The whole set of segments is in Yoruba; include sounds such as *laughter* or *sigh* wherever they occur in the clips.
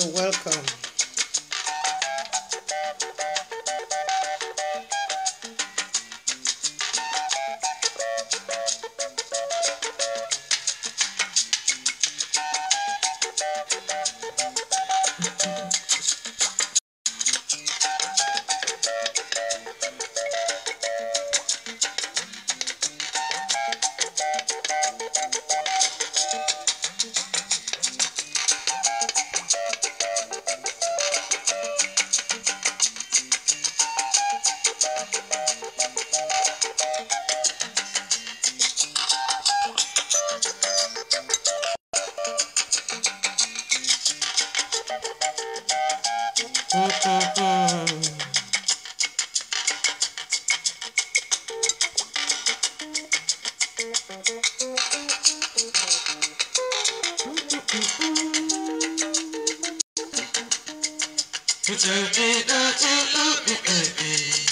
You're welcome. It's a bit, uh, uh, uh, uh, uh, uh.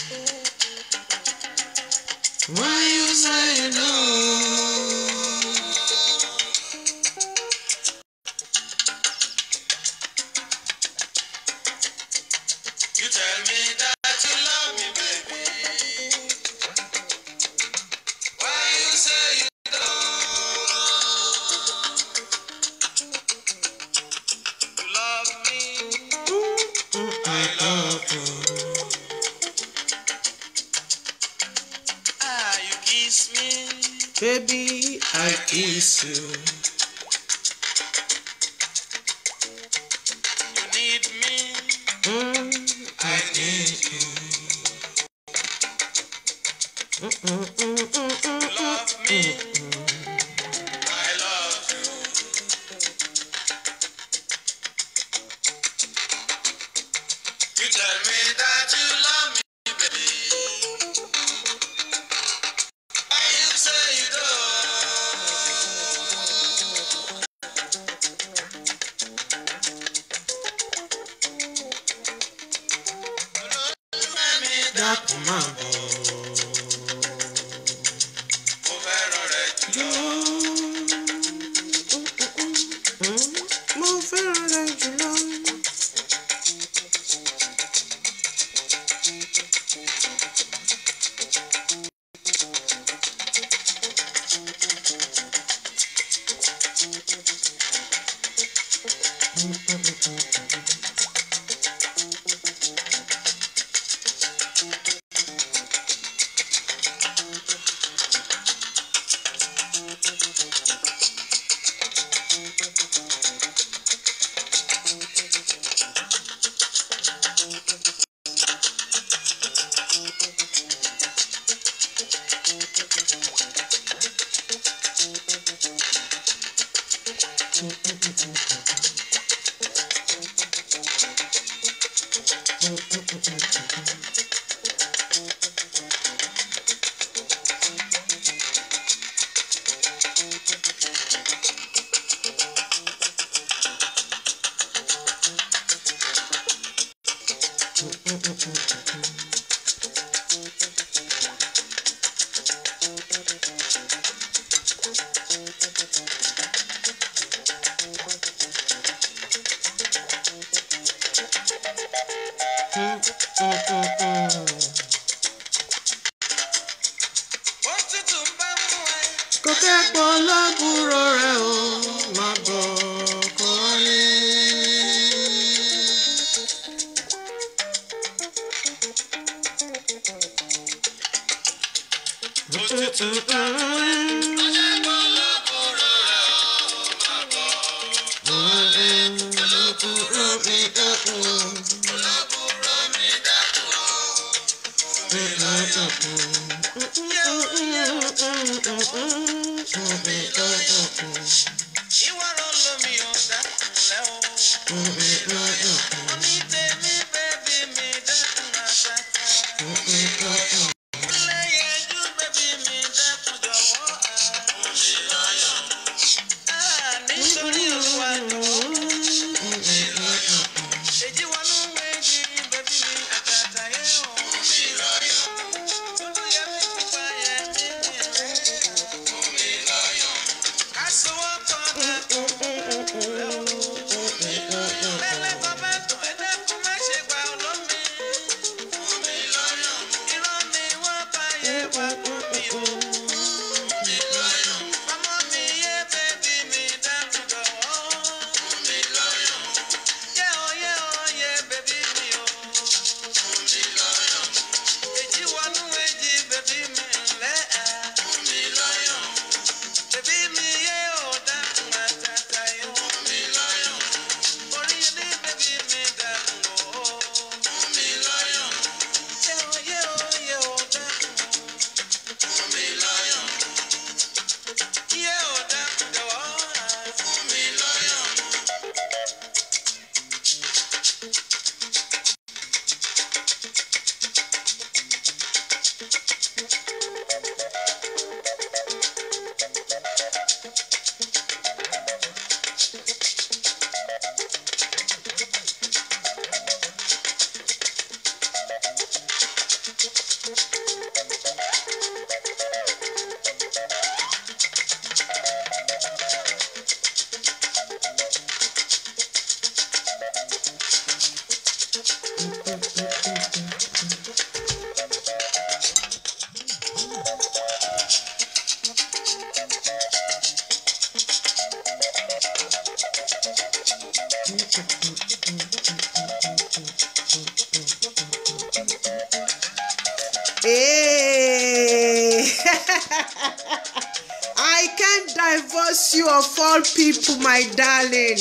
my darling.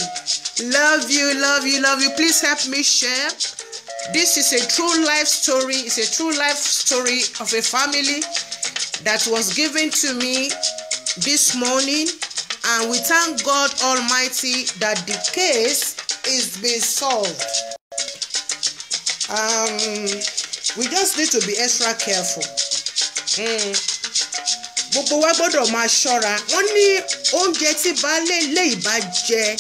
Love you, love you, love you. Please help me share. This is a true life story. It's a true life story of a family that was given to me this morning. And we thank God Almighty that the case is being solved. Um, we just need to be extra careful. Mm. gbogbo wa gbọ́dọ̀ máa ṣọ́ra wọ́n ní oúnjẹ tí baálé ilé ìbá jẹ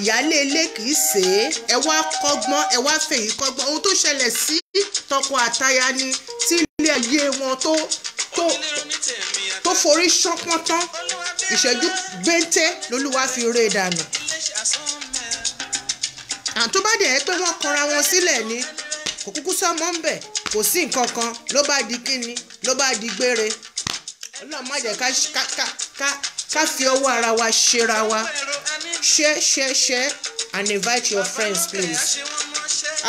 ìyáálé ilé kìí ṣe é ẹ wá kọ́gbọ́n ẹ wá fèyí kọ́gbọ́n ohun tó ṣẹlẹ̀ sí tọkọ àtaya ni tí ilé ayé wọn tó tó tó forí ṣánpọ́n tán ìṣẹ́jú gbéńté lolúwa fi ré e dànù àtúbàdẹ̀ ẹ pé wọ́n kọra wọn sílẹ̀ ni kò kúkú sọmọ ń bẹ̀ kò sí nǹkan kan ló bá di kíni ló bá di gbére ọlọ́run ká ká ká ká fi ọwọ́ ara wa ṣera wa share share share and invite your friends please.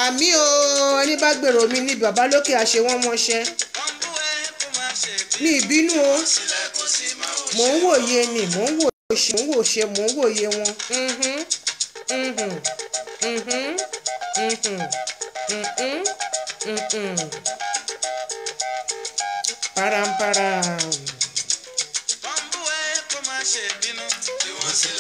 àmì o ẹni bá gbèrò mi ní bàbá lókè àṣẹ wọn mi ìbínú o mò ń wòye ni mò ń wòye mò ń wòṣe mò ń wòye wọn. Mm-hmm. Mm-hmm. Mm-hmm. Mm-hmm. Mm-hmm. Mm-hmm. Param param.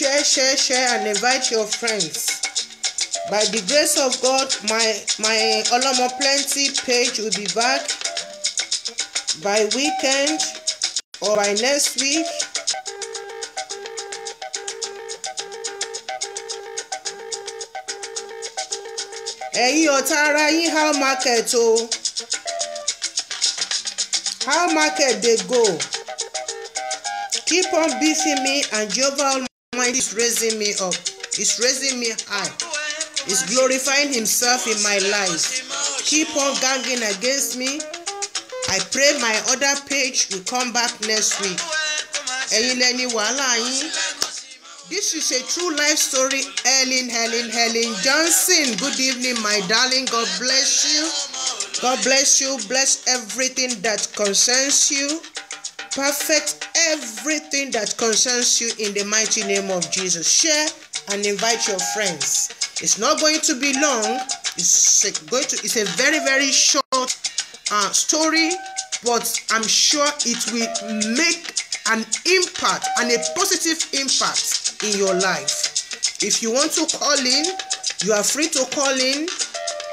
share share share and invite your friends by the grace of God my my Olomo Plenty page will be back by weekend or by next week ẹ̀yin ọ̀tá Tara, yín how market o how market they go keep on beefing me and Jehovah Almighty is raising me up. He's raising me high. He's glorifying himself in my life. Keep on ganging against me. I pray my other page will come back next week. Ẹ̀yin lẹni wàhálà This is a true life story. Helen, Helen, Helen Johnson. Good evening, my darling. God bless you. God bless you. Bless everything that concerns you. perfect everything that concerns you in the mighty name of Jesus. Share and invite your friends. It's not going to be long. It's going to. It's a very very short uh, story, but I'm sure it will make an impact and a positive impact in your life. If you want to call in, you are free to call in.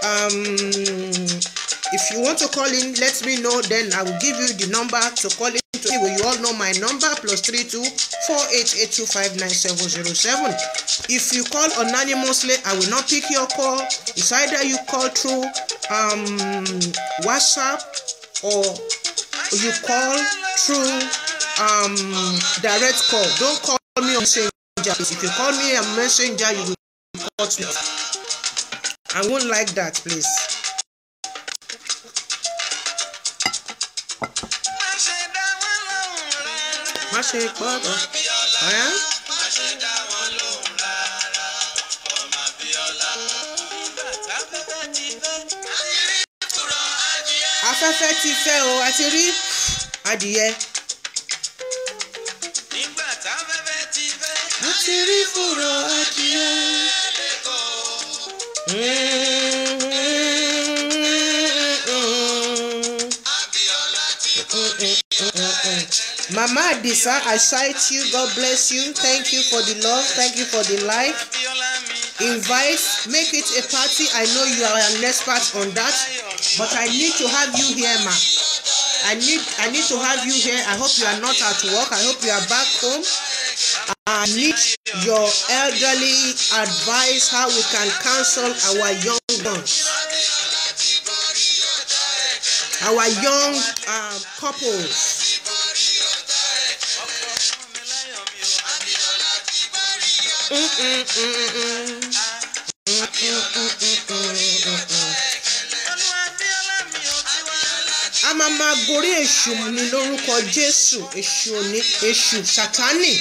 Um, if you want to call in, let me know. Then I will give you the number to call in. anyway you all know my number plus three two four eight eight two five nine seven zero seven if you call anonymously i will not pick your call it's either you call through um whatsapp or you call through um direct call don't call me on messenger if you call me on messenger you will cut me i won't like that please. má ṣe pọ́ọ̀tọ̀ ọ̀rẹ́. afẹ́fẹ́ ti fẹ́ o a ti rí adìyẹ. nígbà táfẹ́fẹ́ ti fẹ́ a ti rí fùrọ̀ adìyẹ. Mama Adisa, I cite you. God bless you. Thank you for the love. Thank you for the life. Invite, make it a party. I know you are an expert on that, but I need to have you here, ma. I need, I need to have you here. I hope you are not at work. I hope you are back home. I need your elderly advice how we can counsel our young ones, our young uh, couples. a máa máa gorí èṣù ni lórúkọ jésù èṣù ni èṣù sátánì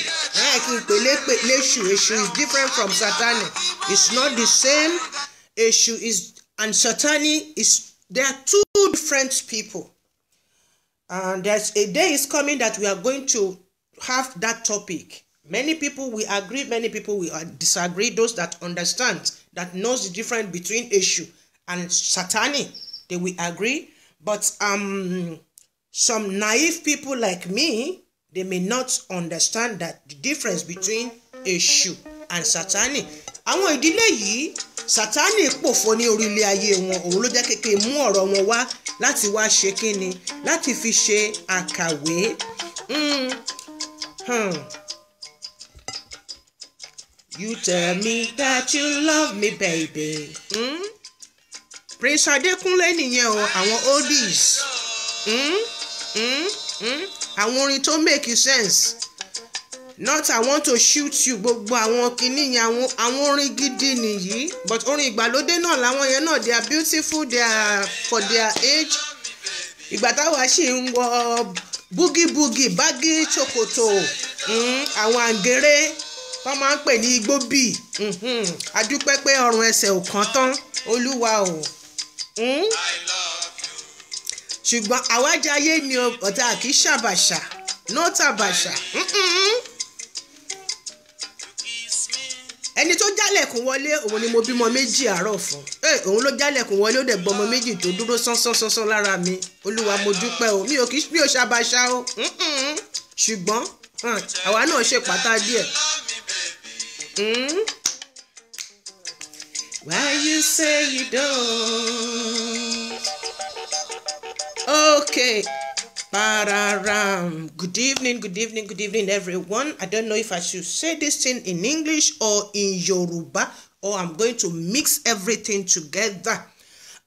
ẹ kí n pè lépè léṣù èṣù is different from sátánì it's not the same èṣù is and sátánì is There are two different people and there's a day is coming that we are going to have that topic Many people will agree, many people will disagree. Those that understand, that knows the difference between issue and satanic, they will agree. But um, some naive people like me, they may not understand that the difference between issue and satanic. Àwọn ìdílé yìí sátánì pòfo ní orílẹ̀ ayé wọn òun ló jẹ́ kéke mú ọ̀rọ̀ wọn wá láti wá ṣe kínni láti fi ṣe àkàwé. Mm. Hmm. hmm. You tell me that you love me, baby. Mm? Prince Adekunle nìyẹn o, àwọn oldies. Mm? Mm? Mm? Àwọn orin tó make sense. Not I want to shoot you gbogbo àwọn kinní yẹn àwọn orin gidi nìyí but orin ìgbàlódé náà làwọn yẹn náà they are beautiful they are for their age. Ìgbà táwa ṣì ń wọ búgíbúgí bágí ṣòkòtò hmm? àwọn àǹgẹ̀rẹ̀ wọ́n máa ń pè ní igbó bì mhm. adúpẹ́ pé ọrùn ẹsẹ̀ ò kán tán olúwa o hmm? ṣùgbọ́n àwájáyé ni ọ̀tá kì í ṣàbàṣà not àbàṣà ẹni tó jálẹ̀kùn wọlé òun ni mo bímọ méjì àárọ̀ fún eh, òun ló jálẹ̀kùn wọlé ó dẹ̀ gbọmọ méjì tó dúró sánsánsán lára mi olúwa mo dúpẹ́ o mi ò kì í ṣàbàṣà o ṣùgbọ́n hmm, àwa náà ṣe pátá díẹ̀ Hmm? Why you say you don't? Okay. Pararam. Good evening, good evening, good evening, everyone. I don't know if I should say this thing in English or in Yoruba, or I'm going to mix everything together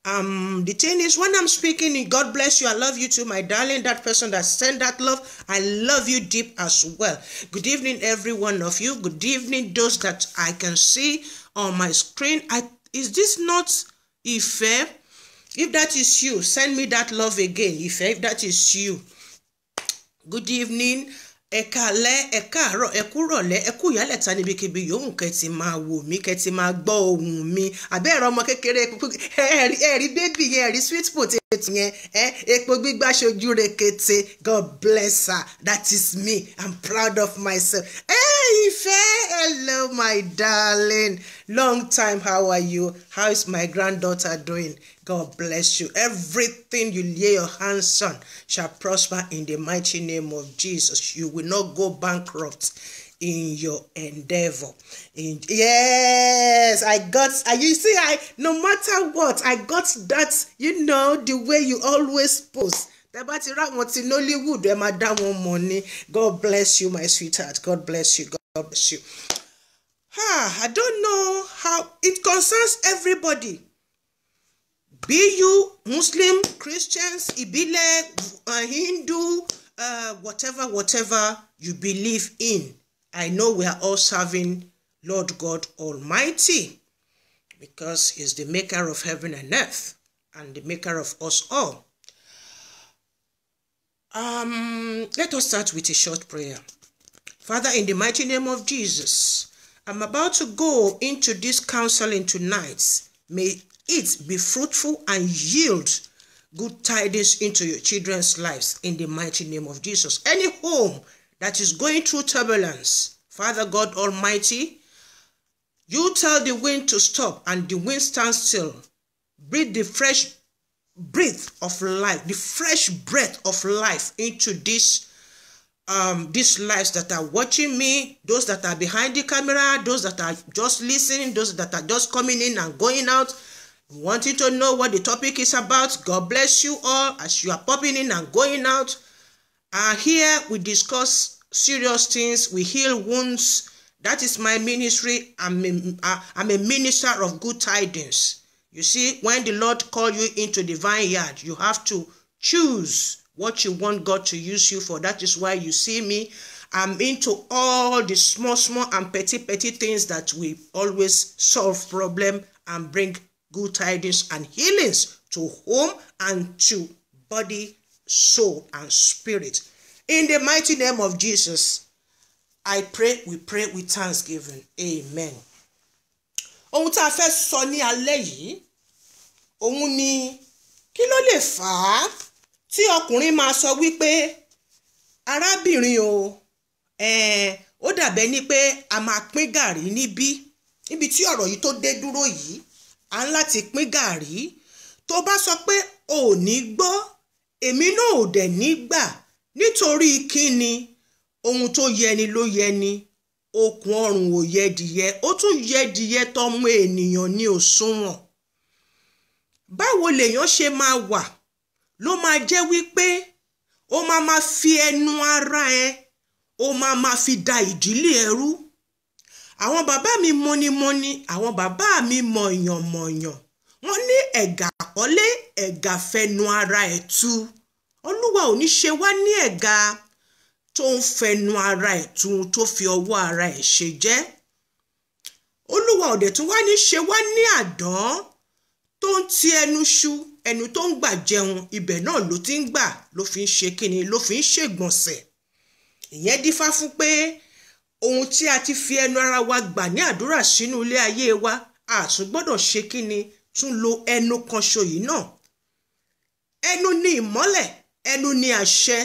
um the thing is when i'm speaking god bless you i love you too my darling that person that sent that love i love you deep as well good evening every one of you good evening those that i can see on my screen i is this not ife if that is you send me that love again ife if that is you good evening ẹ̀ka alẹ́ ẹ̀ka àárọ̀ ẹ̀kú rọ̀lẹ́ ẹ̀kú ìyálẹ̀ta níbikíbi yòówù kẹ́ ti máa wò mí kẹ́ ti máa gbọ́ ohùn mi àbẹ́ẹ̀rọ ọmọ kékeré ẹ̀rí bébì yẹn ẹ̀rí sweet potato ètò yẹn ẹ epo gbígbá ṣojú rekete god bless her that is me i'm proud of myself ẹ hey, hello my darling long time how are you how is my granddaughter doing god bless you everything you lay your hands on shall prosper in the mighty name of jesus you will not go bankrupt in your endeavor. In, yes, I got, you see, I, no matter what, I got that, you know, the way you always post. tẹ bá ti ráwọn ti Nollywood ẹ máa dá wọn mọ̀ ni God bless you my sweetheart God bless you God bless you Ha! I don't know how it concerns everybody be you Muslim Christians ìbílẹ̀ uh, Hindu uh, whatever whatever you believe in I know we are all serving Lord God Almighty because He's the maker of heaven and earth and the maker of us all. Um, let us start with a short prayer. Father, in the mighty name of Jesus, I'm about to go into this counseling tonight. May it be fruitful and yield good tidings into your children's lives in the mighty name of Jesus. Any home that is going through turbulence, Father God Almighty, you tell the wind to stop and the wind stands still. Breathe the fresh breath of life, the fresh breath of life into this um, these lives that are watching me, those that are behind the camera, those that are just listening, those that are just coming in and going out, wanting to know what the topic is about. God bless you all as you are popping in and going out. And here we discuss serious things, we heal wounds. That is my ministry. I'm a, I'm a minister of good tidings. You see, when the Lord called you into the vineyard, you have to choose what you want God to use you for. That is why you see me. I'm into all the small, small and petty, petty things that we always solve problem and bring good tidings and healings to home and to body soul, and spirit. In the mighty name of Jesus, I pray, we pray with thanksgiving. Amen. Ohun tá a fẹ́ sọ ní alẹ́ yìí, òun ni kí ló lè fà á tí ọkùnrin máa sọ wípé arábìnrin o ó dàbẹ́ ni pé a máa pín gàrí níbí níbi tí ọ̀rọ̀ yìí tó dé dúró yìí à ń láti pín gàrí tó bá sọ pé ò gbọ́ èmi náà ò dẹ̀ nígbà nítorí kíni ohun tó yẹni ló yẹni okùn ọrùn ò yẹdìyẹ ó tún yẹdìyẹ tọmọ ènìyàn ní òṣùwọ̀n báwo lèèyàn ṣe máa wà ló máa jẹ́ wípé ó máa ma fi ẹnu ara ẹ ó máa ma fi da ìdílé ẹrú àwọn bàbá mi mọnimọni àwọn bàbá mi mọ̀yànmọ̀yàn wọ́n ní ẹ̀gà àkọlé ẹ̀gà fẹnu ara ẹ̀ tu olúwa ò ní ṣe wá ní ẹ̀gà tó ń fẹnu ara ẹ̀ tu tó fi ọwọ́ ara ẹ̀ ṣe jẹ́ olúwa ò dẹ̀ tún wá ní ṣe wá ní àdán tó ń ti ẹnu ṣu ẹnu tó ń gbà jẹun ibẹ̀ náà ló ti ń gbà ló fi ń ṣe kíni ló fi ń ṣègbọ̀nsẹ̀ ìyẹn dífá fún pé ohun tí a ti fi ẹnu ara wa gbà ní àdúrà sínú ilé ayé wa a ṣe kíni tún lo ẹnu kan ṣo yìí náà ẹnu ni ìmọ́lẹ̀ ẹnu ni àṣẹ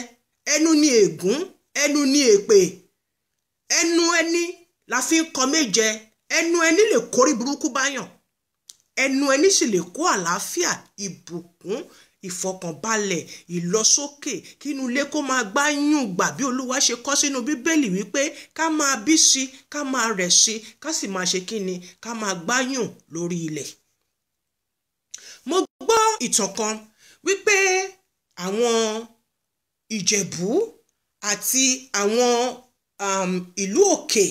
ẹnu ni ègún ẹnu ni èpè ẹnu ẹni la fi ń kọ méje ẹnu ẹni lè kórí burúkú báyàn ẹnu ẹni sì lè kó àlàáfíà ìbùkún ìfọkànbalẹ̀ ìlọsókè kí inú ilé kó máa gbá yún gbà bí olúwa ṣe kọ sínú bíbélì wípé ká máa bí sí ká máa rẹ̀ sí ká sì máa ṣe kí ni ká máa gbá yún lórí ilẹ̀ mo gbọ́ ìtàn kan wípé àwọn ìjẹ̀bú àti àwọn um, ìlú òkè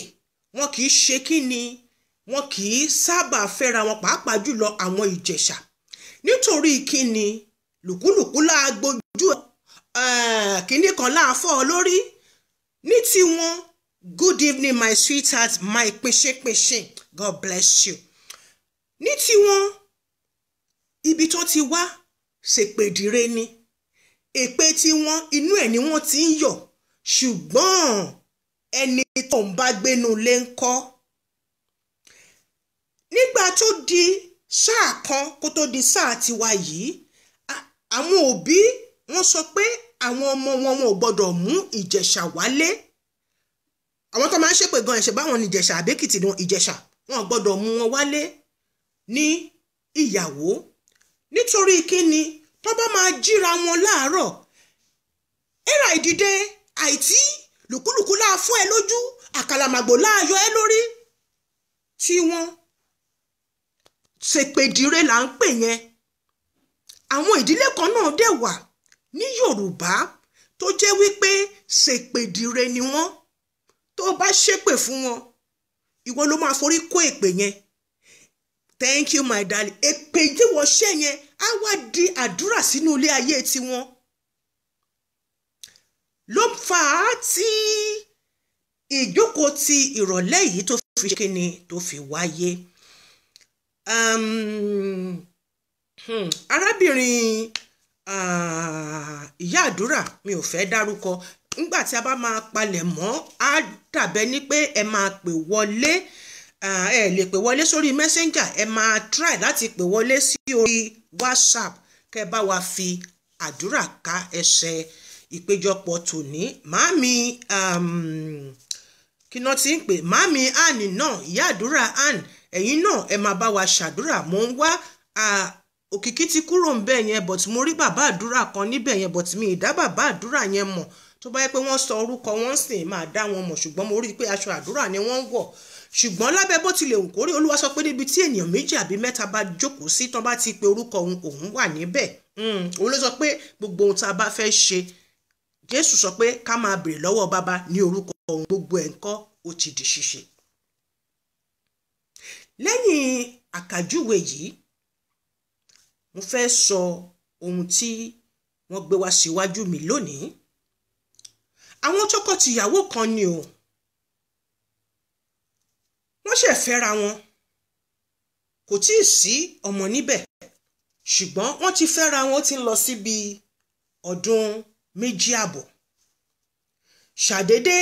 wọn kì í ṣe kí ni wọn kì í sábà fẹ́ra wọn pàápàá jùlọ àwọn ìjẹ̀ṣà nítorí kí ni lùkúlùkú láàgbójú uh, eh, kínní kan láàfọ́ lórí ní tiwọn good evening my sweetheart my pinṣinpinṣin god bless you ní tiwọn ibi tó ti wá ṣèpèdìre ni èpè tiwọn inú ẹ̀ ni wọ́n ti ń yọ̀ ṣùgbọ́n ẹni tó ń bá gbénu lé ń kọ́ nígbà tó di sáà kan kó tó di sáà tiwa yìí àwọn òbí wọ́n sọ pé àwọn ọmọ wọn wọn ò gbọ́dọ̀ mú ìjẹ̀ṣà wálé àwọn tó máa ń ṣépè gan ẹ̀ṣẹ̀ báwọn ní ìjẹ̀ṣà àbẹ́kìtì ní ìjẹ̀ṣà wọn ò gbọ́dọ̀ mú wọn wálé ní ìyàwó nítorí kíni tó bá máa jíra wọn láàárọ̀ era ìdìde àìtí lùkúlùkú láà fọ́ ẹ lójú àkàlàmàgbò láàyọ ẹ lórí tí wọ́n ṣèpèdìrẹ là ń pè yẹn àwọn ìdílé kan náà dẹ̀ wà ní Yorùbá tó jẹ́ wípé ṣèpèdìrẹ ni wọ́n tó bá ṣépè fún wọn ìwọ ló máa forí kó èpè yẹn thank you my darling èpè tí wọ́n ṣe yẹn á wá di àdúrà sínú ilé ayé tiwọn ló fà á tí ìjókòó ti ìrọ̀lẹ́ yìí tó fi ṣe kíni tó fi wáyé um, hmm, arábìnrin ah, ìyá uh, àdúrà mi ò fẹ́ dárúkọ nígbà tí a bá máa palẹ̀ mọ́ á dàbẹ́ ni pé ẹ máa pè wọlé. E ẹ lè pè wọlé sórí messenger ẹ máa try láti pè wọlé sí orí whatsapp kẹ́ bá wa fi àdúrà ká ẹsẹ̀ ìpéjọpọ̀ tòní màámi um, kí náà ti ń pè màámi ann náà ìyá àdúrà ann ẹ̀yin náà ẹ máa bá wa ṣàdúrà mò ń wá òkìkí ti kúrò ń bẹ̀ yẹn but mo rí bàbá àdúrà kan níbẹ̀ yẹn but mi ì dá bàbá àdúrà yẹn mọ̀ tó bá yẹ pé wọ́n sọ orúkọ wọn sì máa dá wọn mọ̀ ṣùgbọ́n mo rí i pé aṣọ àdúrà ni wọ́n wọ̀ ṣùgbọ́n lábẹ́ bó tilẹ̀ òun kórè olúwa sọ pé níbi tí ènìyàn méjì àbí mẹ́ta bá jókòó sí tán bá ti pe orúkọ òun òun wà níbẹ̀ hmm, òun ló sọ pé gbogbo ohun tá a bá fẹ́ ṣe jésù sọ pé ká máa béèrè lọ́wọ́ bàbá ní orúkọ òun gbogbo ẹ̀ ń kọ́ ó ti di ṣíṣe. lẹ́yìn àkàjúwe yìí mo fẹ́ sọ ohun tí wọ́n gbé wá síwájú mi lónìí àwọn tọkọ kan ni o wọ́n ṣẹ̀ fẹ́ra wọn kò tí ì sí ọmọ níbẹ̀ ṣùgbọ́n wọ́n ti fẹ́ra wọn ti ń lọ síbi ọdún méjì àbọ̀ ṣàdédé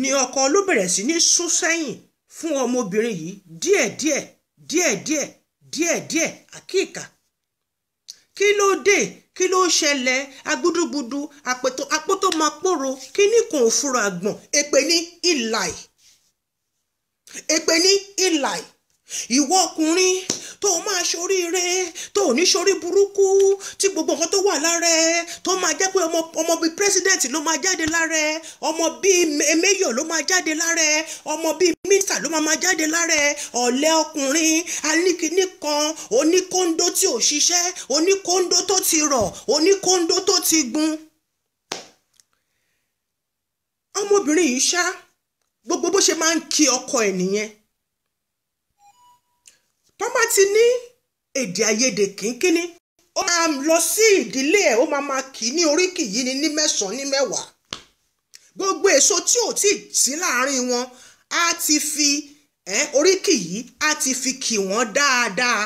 ni ọkọ ló bẹ̀rẹ̀ sí ní sún sẹ́yìn fún ọmọbìnrin yìí díẹ̀díẹ̀ díẹ̀díẹ̀ díẹ̀díẹ̀ àkíkà kí ló dé kí ló ṣẹlẹ̀ agbúdúgbudú àpótó máa pòrò kíní kan ò fura àgbọ̀n èpè ní ìlàì èpè ní ìlàì ìwọ ọkùnrin tó o máa ṣoríire tó o ní ṣorí burúkú tí gbogbo nǹkan tó wà lára ẹ tó máa jẹ́ pé ọmọ bíi president ló máa jáde lára ẹ ọmọ bíi mayor ló máa jáde lára ẹ ọmọ bíi minister ló máa jáde lára ẹ ọ̀lẹ́ ọkùnrin alíkíní kan oníkóńdó tí ò ṣiṣẹ́ oníkóńdó tó ti rọ̀ oníkóńdó tó ti gun ọmọbìnrin yìí ṣáá gbogbo bó ṣe máa ń kí ọkọ ẹ̀ nìyẹn tó bá ti ní èdè àìyedè kínkínní ó máa lọ sí ìdílé ẹ̀ ó máa máa kì í ní oríkì yìí ni ní mẹ́sàn-án ní mẹ́wàá gbogbo èso tí ò tí ì sí láàárín wọn á ti fi ẹ oríkì yìí á ti fi kì wọ́n dáadáa.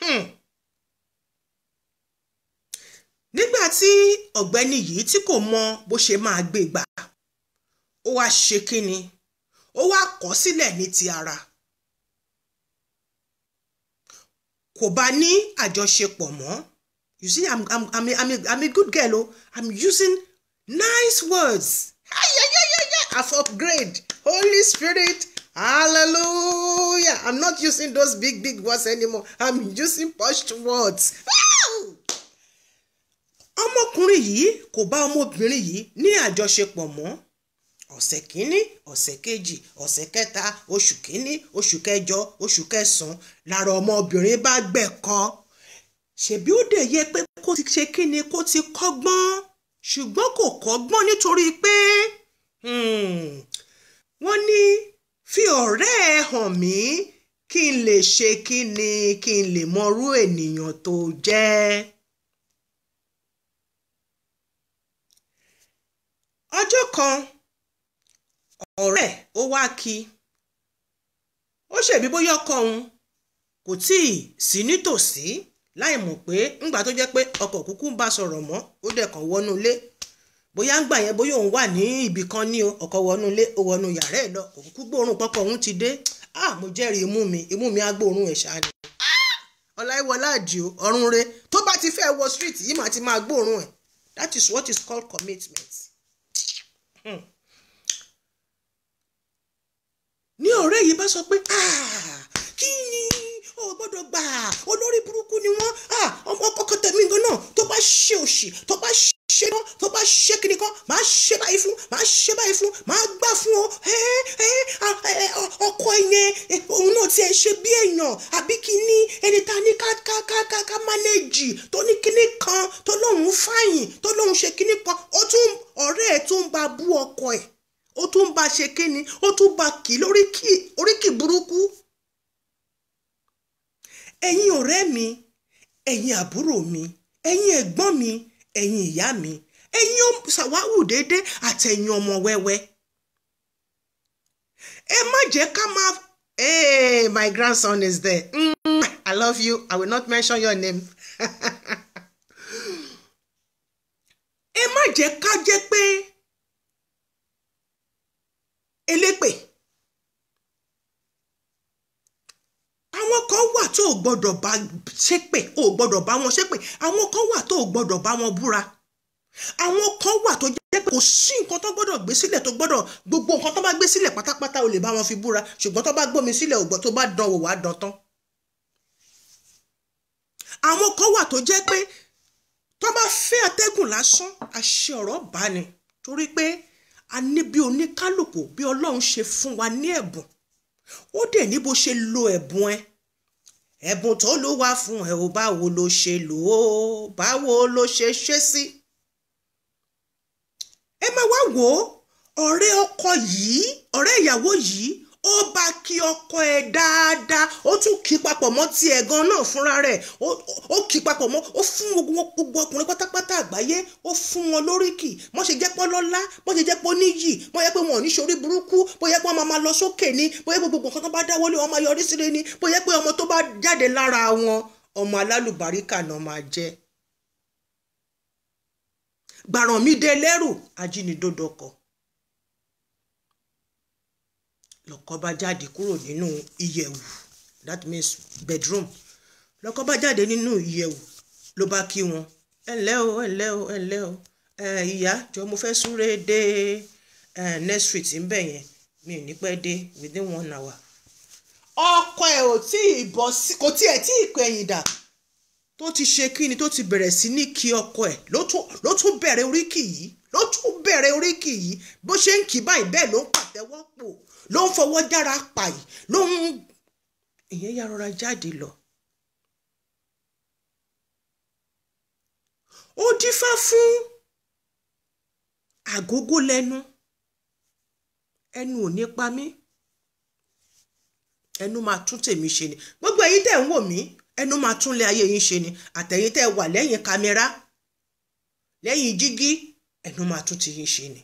Hmm. nígbà tí ọ̀gbẹ́ni yìí tí kò mọ bó ṣe máa gbé gbà ó wá ṣe kíni ó wá kọ́ sílẹ̀ ní ti ara kò bá ní àjọṣepọ̀ mọ́ you see i'm i'm i'm a, I'm a, I'm a good girl o i'm using nice words ayayayaya i've upgrade holy spirit hallelujah i'm not using those big big words anymore i'm using posh words. ọmọkùnrin yìí kò bá ọmọbìnrin yìí ní àjọṣepọ̀ mọ́ ọ̀sẹ̀ kínní ọ̀sẹ̀ kejì ọ̀sẹ̀ kẹta oṣù kínní oṣù kẹjọ oṣù kẹsàn-án lára ọmọbìnrin bá gbẹ̀kan ṣebí ó dẹ̀ yẹ pé kó ti ṣe kínní kó ti kọ́gbọ́n ṣùgbọ́n kò kọ́gbọ́n nítorí pé hmm, wọ́n ní fi ọ̀rẹ́ ẹ hàn mí kí n lè ṣe kínní kí n lè mọrú ènìyàn tó jẹ́. ọjọ́ kan ọ̀rẹ́ ó wá kí ó ṣèbí bóyá ọkọ òun kò tí ì sí nítòsí láì mọ̀ pé n'gbà tó jẹ́ pé ọkọ̀ kúkú ń bá sọ̀rọ̀ mọ́ ó dẹ̀ kàn bóyá yẹn bóyá òun wà ní ibì kan ní ọkọ̀ wọnú ilé ó wọnú yàrá ẹ̀ lọ kò kúkú pọ́pọ́ òun ti dé à mo jẹ́rìí imú mi imú ọ̀rẹ́ yìí bá sọ pé ah, kí ni o gbọ́dọ̀ gbà olórí burúkú ni wọ́n ah, ọkọ tẹ̀mí gan náà tó bá ṣe òṣì tó bá ṣe ṣe tán tó bá ṣe kíni kan máa ṣe báyìí fún máa ṣe báyìí fún máa gbà fún ọ ọkọ yẹn òun náà tiẹ̀ ṣe bí èèyàn àbí kíní ẹni tá ní kákákáká mánéjì tó ní kíní kan tó lóun fáyìn tó lóun ṣe kíní kan ó tún ọ̀rẹ́ ẹ̀ tó ń ba bú ọkọ ẹ̀ ó tún bá ṣe kíni ó tún bá kì lóríkì oríkì burúkú ẹ̀yin ọ̀rẹ́ mi ẹ̀yin àbúrò mi ẹ̀yin ẹ̀gbọ́n mi ẹ̀yin ìyá mi ẹ̀yin ṣàwáwù déédé àtẹ̀yin ọmọ wẹ́wẹ́ ẹ má jẹ́ ká máa hey eh, my grandson is there mm, I love you I will not mention your name *laughs* ẹ má jẹ́ ká jẹ́ pé elépè àwọn kan wà tó o gbọ́dọ̀ bá ṣépè o gbọ́dọ̀ bá wọn ṣépè àwọn kan wà tó o gbọ́dọ̀ bá wọn búra àwọn kan wà tó jẹ́ pé kò sí nǹkan tó gbọ́dọ̀ gbé sílẹ̀ tó gbọ́dọ̀ gbogbo nǹkan tó bá gbé sílẹ̀ pátápátá o lè bá wọn fi búra ṣùgbọ́n tó bá gbómi sílẹ̀ ògbọ́ tó bá dán wò wá dán tán. àwọn kan wà tó jẹ́ pé tó bá fẹ́ atẹ́gùn lásán àṣẹ ọ̀rọ̀ bá ni torí pé a ní bí oníkálùkù bí ọlọ́run ṣe fún wa ní ẹ̀bùn ó dẹ̀ ní bó ṣe lo ẹ̀bùn ẹ ẹ̀bùn tó ló wá fún ẹ o báwo ló ṣe lò ó báwo ló ṣe ṣe sí. ẹ máa wá wò ó ọ̀rẹ́ ọkọ yìí ọ̀rẹ́ ìyàwó yìí ó bá kí ọkọ ẹ dáadáa ó tún kí papọ̀ mọ́ tiẹ̀ gan náà fúnra rẹ̀ ó kí papọ̀ mọ́ ó fún gbogbo ọkùnrin pátápátá àgbáyé ó fún wọn lóríkì mọ́ ṣe jẹ́ pọ́ lọ́lá mọ́ ṣe jẹ́ pọ́ níyì mọ́ yẹ pé wọn ò ní ṣorí burúkú bó yẹ pé wọn máa lọ sókè ni bó yẹ pé gbogbo nǹkan tó bá dáwọ́lé wọn máa yọrí síre ni bó yẹ pé ọmọ tó bá jáde lára wọn ọmọ alálùbáríkà náà máa jẹ́ gbàrànmídé lẹ́rù ajínigbó dọkọ̀ lọ́kọ bá jáde kúrò nínú ìyẹ̀wù that means bedroom lọ́kọ bá jáde nínú ìyẹ̀wù ló bá kí wọn ẹ o ẹ o ẹ o ìyá jọ mo fẹ́ súré dé next street ń bẹ̀ yẹn mi ò ní pẹ́ dé within one hour. ọkọ ẹ ò tí ì bọ́ sí kò tí ẹ tí ì pẹ̀yìn dà tó ti ṣe kí ni tó ti bẹ̀rẹ̀ sí ní kí ọkọ ẹ ló tún bẹ̀rẹ̀ oríkì yìí ló tún bẹ̀rẹ̀ oríkì yìí bó ṣe ń kì báyìí bẹ́ẹ̀ ló ń pàtẹ́wọ́ pò ló ń fọwọ́ dára pàì ló ń ìyẹn ya rọra jáde lọ. ó dífá fún àgógó lẹ́nu ẹnu ò ní pa mí ẹnu máa tún tèmi ṣe ni gbogbo èyí tẹ̀ ń wò mí ẹnu máa tún lé ayé yín ṣe ni àtẹ̀yìn tẹ̀ wà lẹ́yìn kámẹ́rà lẹ́yìn jígí ẹnu máa tún ti yín ṣe ni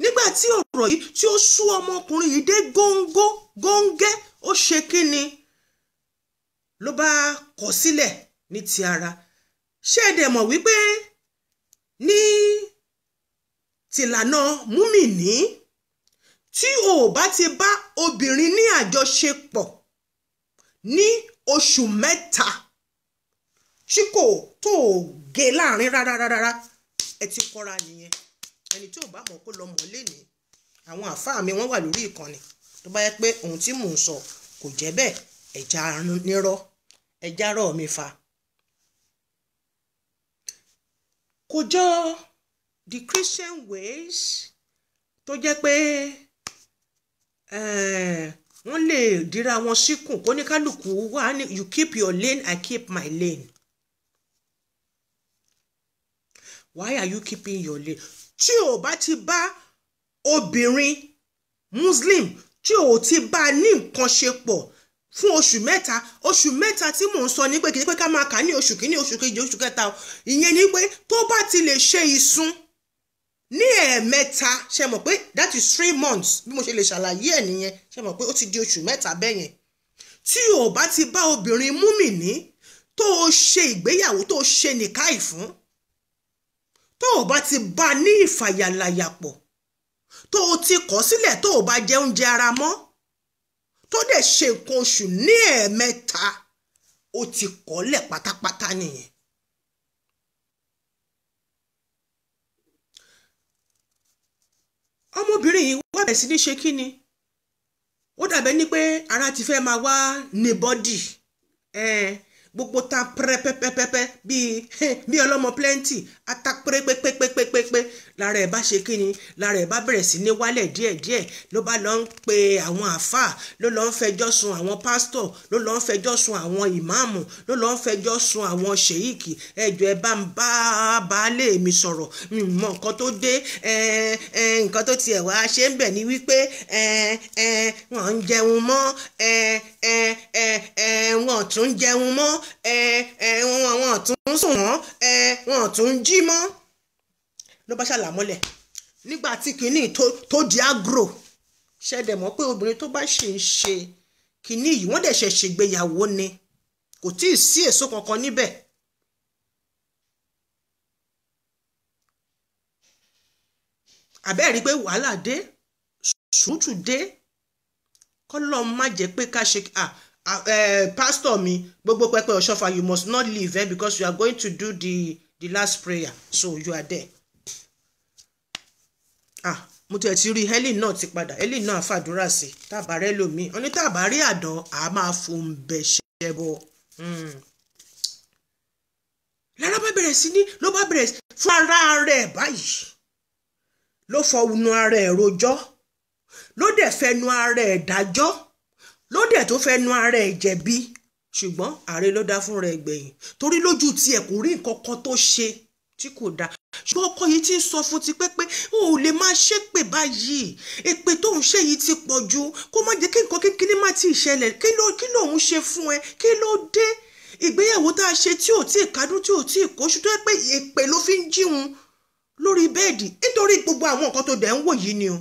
nígbà tí ọ̀rọ̀ yìí tí ó sú ọmọkùnrin yìí dé góńgó góńgé ó ṣe kí ni ló bá kọ sílẹ̀ ní ti ara ṣé ẹ dẹ̀ mọ̀ wípé ní tìlànà múmìnì tí o bá ti bá obìnrin ní àjọṣepọ̀ ní oṣù mẹ́ta tí kò tó gé láàrin rárá rárá. rá, rá ẹ ti kọ́ra nìyẹn ẹni tí ò bá mọ̀ kó lọ mọ̀ lénìí àwọn àfáà mi wọ́n wà lórí ìkànnì tó bá yẹ pé ohun tí mò ń sọ kò jẹ́ bẹ́ẹ̀ ẹ̀já nírọ́ ẹ̀já rọ̀ mi fa. kò jọ the Christian ways tó jẹ́ pé eh, wọ́n lè dira wọn síkùn kóníkálùkù wà ní you keep your lane I keep my lane why are you keeping your lane tí o bá ti bá obìnrin muslim tí o ti bá a ní nǹkan ṣe pọ̀ fún oṣù mẹ́ta oṣù mẹ́ta tí mò ń sọ ní pé kìí pé ká máa kà ní oṣù kìíní oṣù kejì oṣù kẹta o ìyẹn ni pé tó bá ti lè ṣe ìsun ní ẹ̀ẹ̀mẹ́ta ṣe mọ̀ pé that is three months bí mo ṣe lè ṣàlàyé ẹ̀ nìyẹn ṣe mọ̀ pé ó ti di oṣù mẹ́ta bẹ́ẹ̀ yẹn tí o bá ti bá obìnrin múmi ní tó o ṣe ìgbéyàwó tó o ṣe nìkáì fún tó o bá ti bá a ní ìfàyàlàyàpọ̀ tó o ti kọ̀ sílẹ̀ tó o bá jẹ oúnjẹ ara mọ́ tó dẹ̀ ṣe nǹkan oṣù ní ẹ̀ẹ̀mẹ́ta o ti kọ́lẹ̀ pátápátá nìyẹn. ọmọbìnrin yìí wá bẹ̀rẹ̀ sí ní ṣe kí ni ó dàbẹ́ ni pé ara ti fẹ́ máa wá ní bọ́dì ẹ̀ẹ́. Eh, gbogbo ta pẹrẹ pẹpẹpẹpẹ bíi bíi ọlọ́mọ plenty ata pérépépépépépé lára ẹ̀ bá ṣe kíni lára ẹ̀ bá bẹ̀rẹ̀ sí ní wálẹ̀ díẹ̀díẹ̀ ló bá lọ ń pe àwọn àáfàá ló lọ ń fẹjọ́ sun àwọn pastor ló lọ ń fẹjọ́ sun àwọn ìmáàmù ló lọ ń fẹjọ́ sun àwọn ṣèyíkì ẹjọ́ ẹ bá ń bá baálé mi sọ̀rọ̀ mọ nǹkan tó dé nǹkan tó tiẹ̀ wá ṣe ń bẹ̀ ni wípé wọ́n ń jẹun mọ́ wọ́n tún ń jẹun mọ́ ẹ ẹ wọn wọn tún sùn mọ́ ẹ wọn tún jí mọ́ ló bá ṣàlàmọ́lẹ̀ nígbà tí kinní tó di agro ṣẹ̀dẹ̀ mọ̀ pé obìnrin tó bá ṣì ń ṣe kinní yìí wọ́n dẹ̀ ṣẹ̀ ṣègbéyàwó ni kò tí ì sí èso kankan níbẹ̀. àbẹ́ rí pé wàhálà dé sùúrù dé kọ́lọ́ má jẹ́ pé ká ṣe uh, uh, pastor mi gbogbo pẹpẹ ọṣọfà you must not leave eh, because you are going to do the the last prayer so you are there. ah mo tẹ̀ ti rí helen náà ti padà helen náà fàdúrà sí tàbárẹ́ lomi oní tàbárí àdán a máa fún bẹ́ ṣẹ́ bọ́. Hmm. lára bá bẹ̀rẹ̀ sí ní ló bá bẹ̀rẹ̀ fún ara rẹ̀ báyìí ló fọwọ́nu ara ẹ̀ rojọ́ ló dẹ̀ fẹnu ara ẹ̀ dájọ́ ló dẹ̀ tó fẹ́ nu ara ẹ̀ jẹ̀bi ṣùgbọ́n ààrẹ ló dá fúnra ẹ̀ gbẹ̀yìn torí lójú tiẹ̀ kò rí nǹkan kan tó ṣe tí kò dáa ṣùgbọ́n ọkọ yìí ti ń sọ fún ti pẹ́pẹ́ o ò lè máa ṣépè báyìí èpè tó ń ṣe yìí ti pọ̀ ju kó má jẹ́ kí nǹkan kékeré má ti ṣẹlẹ̀ kí ló kí lòun ṣe fún ẹ kí ló dé ìgbéyàwó tá a ṣe tí ò tí ì kádùn tí ò tí ì kóṣù tó pé èpè ló fi ń jíun lórí bẹ́ẹ̀dì nítorí gbogbo àwọn nǹkan tó dẹ̀ ń wò yìí ni o.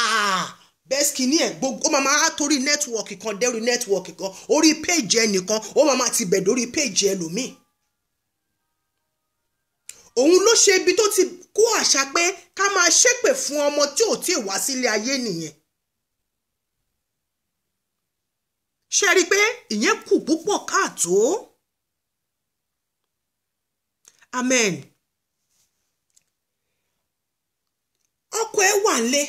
Ah! best kìíní ẹ̀ gbogbo ó máa máa torí nẹ́tíwọ̀kì kan dẹ́rù nẹ́tíwọ̀kì kan orí péjì ẹnìkan ó máa máa ti bẹ̀ dórí péjì ẹlòmíì òun ló ṣe ibi tó ti kó àṣà pé ká máa ṣépè fún ọmọ tí ò tí ì wá sílé ayé nìyẹn ṣe rí i pé ìyẹn kù púpọ̀ káàtó amen ọkọ ẹ wà nílé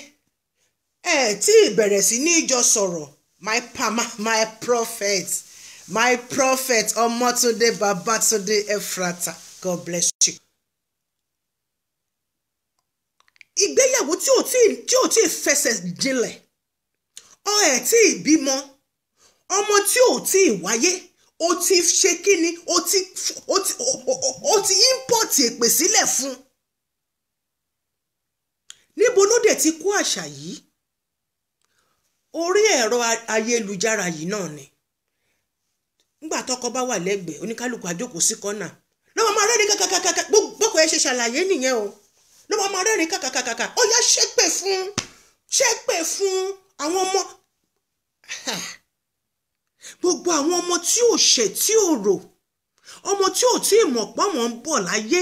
ẹ tí ìbẹ̀rẹ̀ sí ní ìjọ sọ̀rọ̀ my pama my prophet my prophet ọmọtúndé babátúndé efrata god bless you. ìgbéyàwó tí ò tí tí ò tí fẹsẹ̀ jinlẹ̀ ọ ẹ̀ tí ì bímọ ọmọ tí ò tí ì wáyé o ti ṣe kíni o ti o ti o ti import èpè sílẹ̀ fún níbo ló dé ti kó àṣà yìí orí ẹ̀rọ ayélujára yìí náà ni nígbà tọkọ bá wà lẹ́gbẹ̀ẹ́ oníkálukú àjókòó sí kọ́nà lọ́wọ́ máa rẹ́rìn kàkàkàkà gbọ́kọ̀ ẹ ṣe ṣàlàyé nìyẹn o lọ́wọ́ máa rẹ́rìn kàkàkàkà ó yá ṣépè fún ṣépè fún àwọn ọmọ gbogbo àwọn ọmọ tí ò ṣe tí ò rò ọmọ tí ò tí ì mọ̀ pọ́mọ ń bọ̀ láyé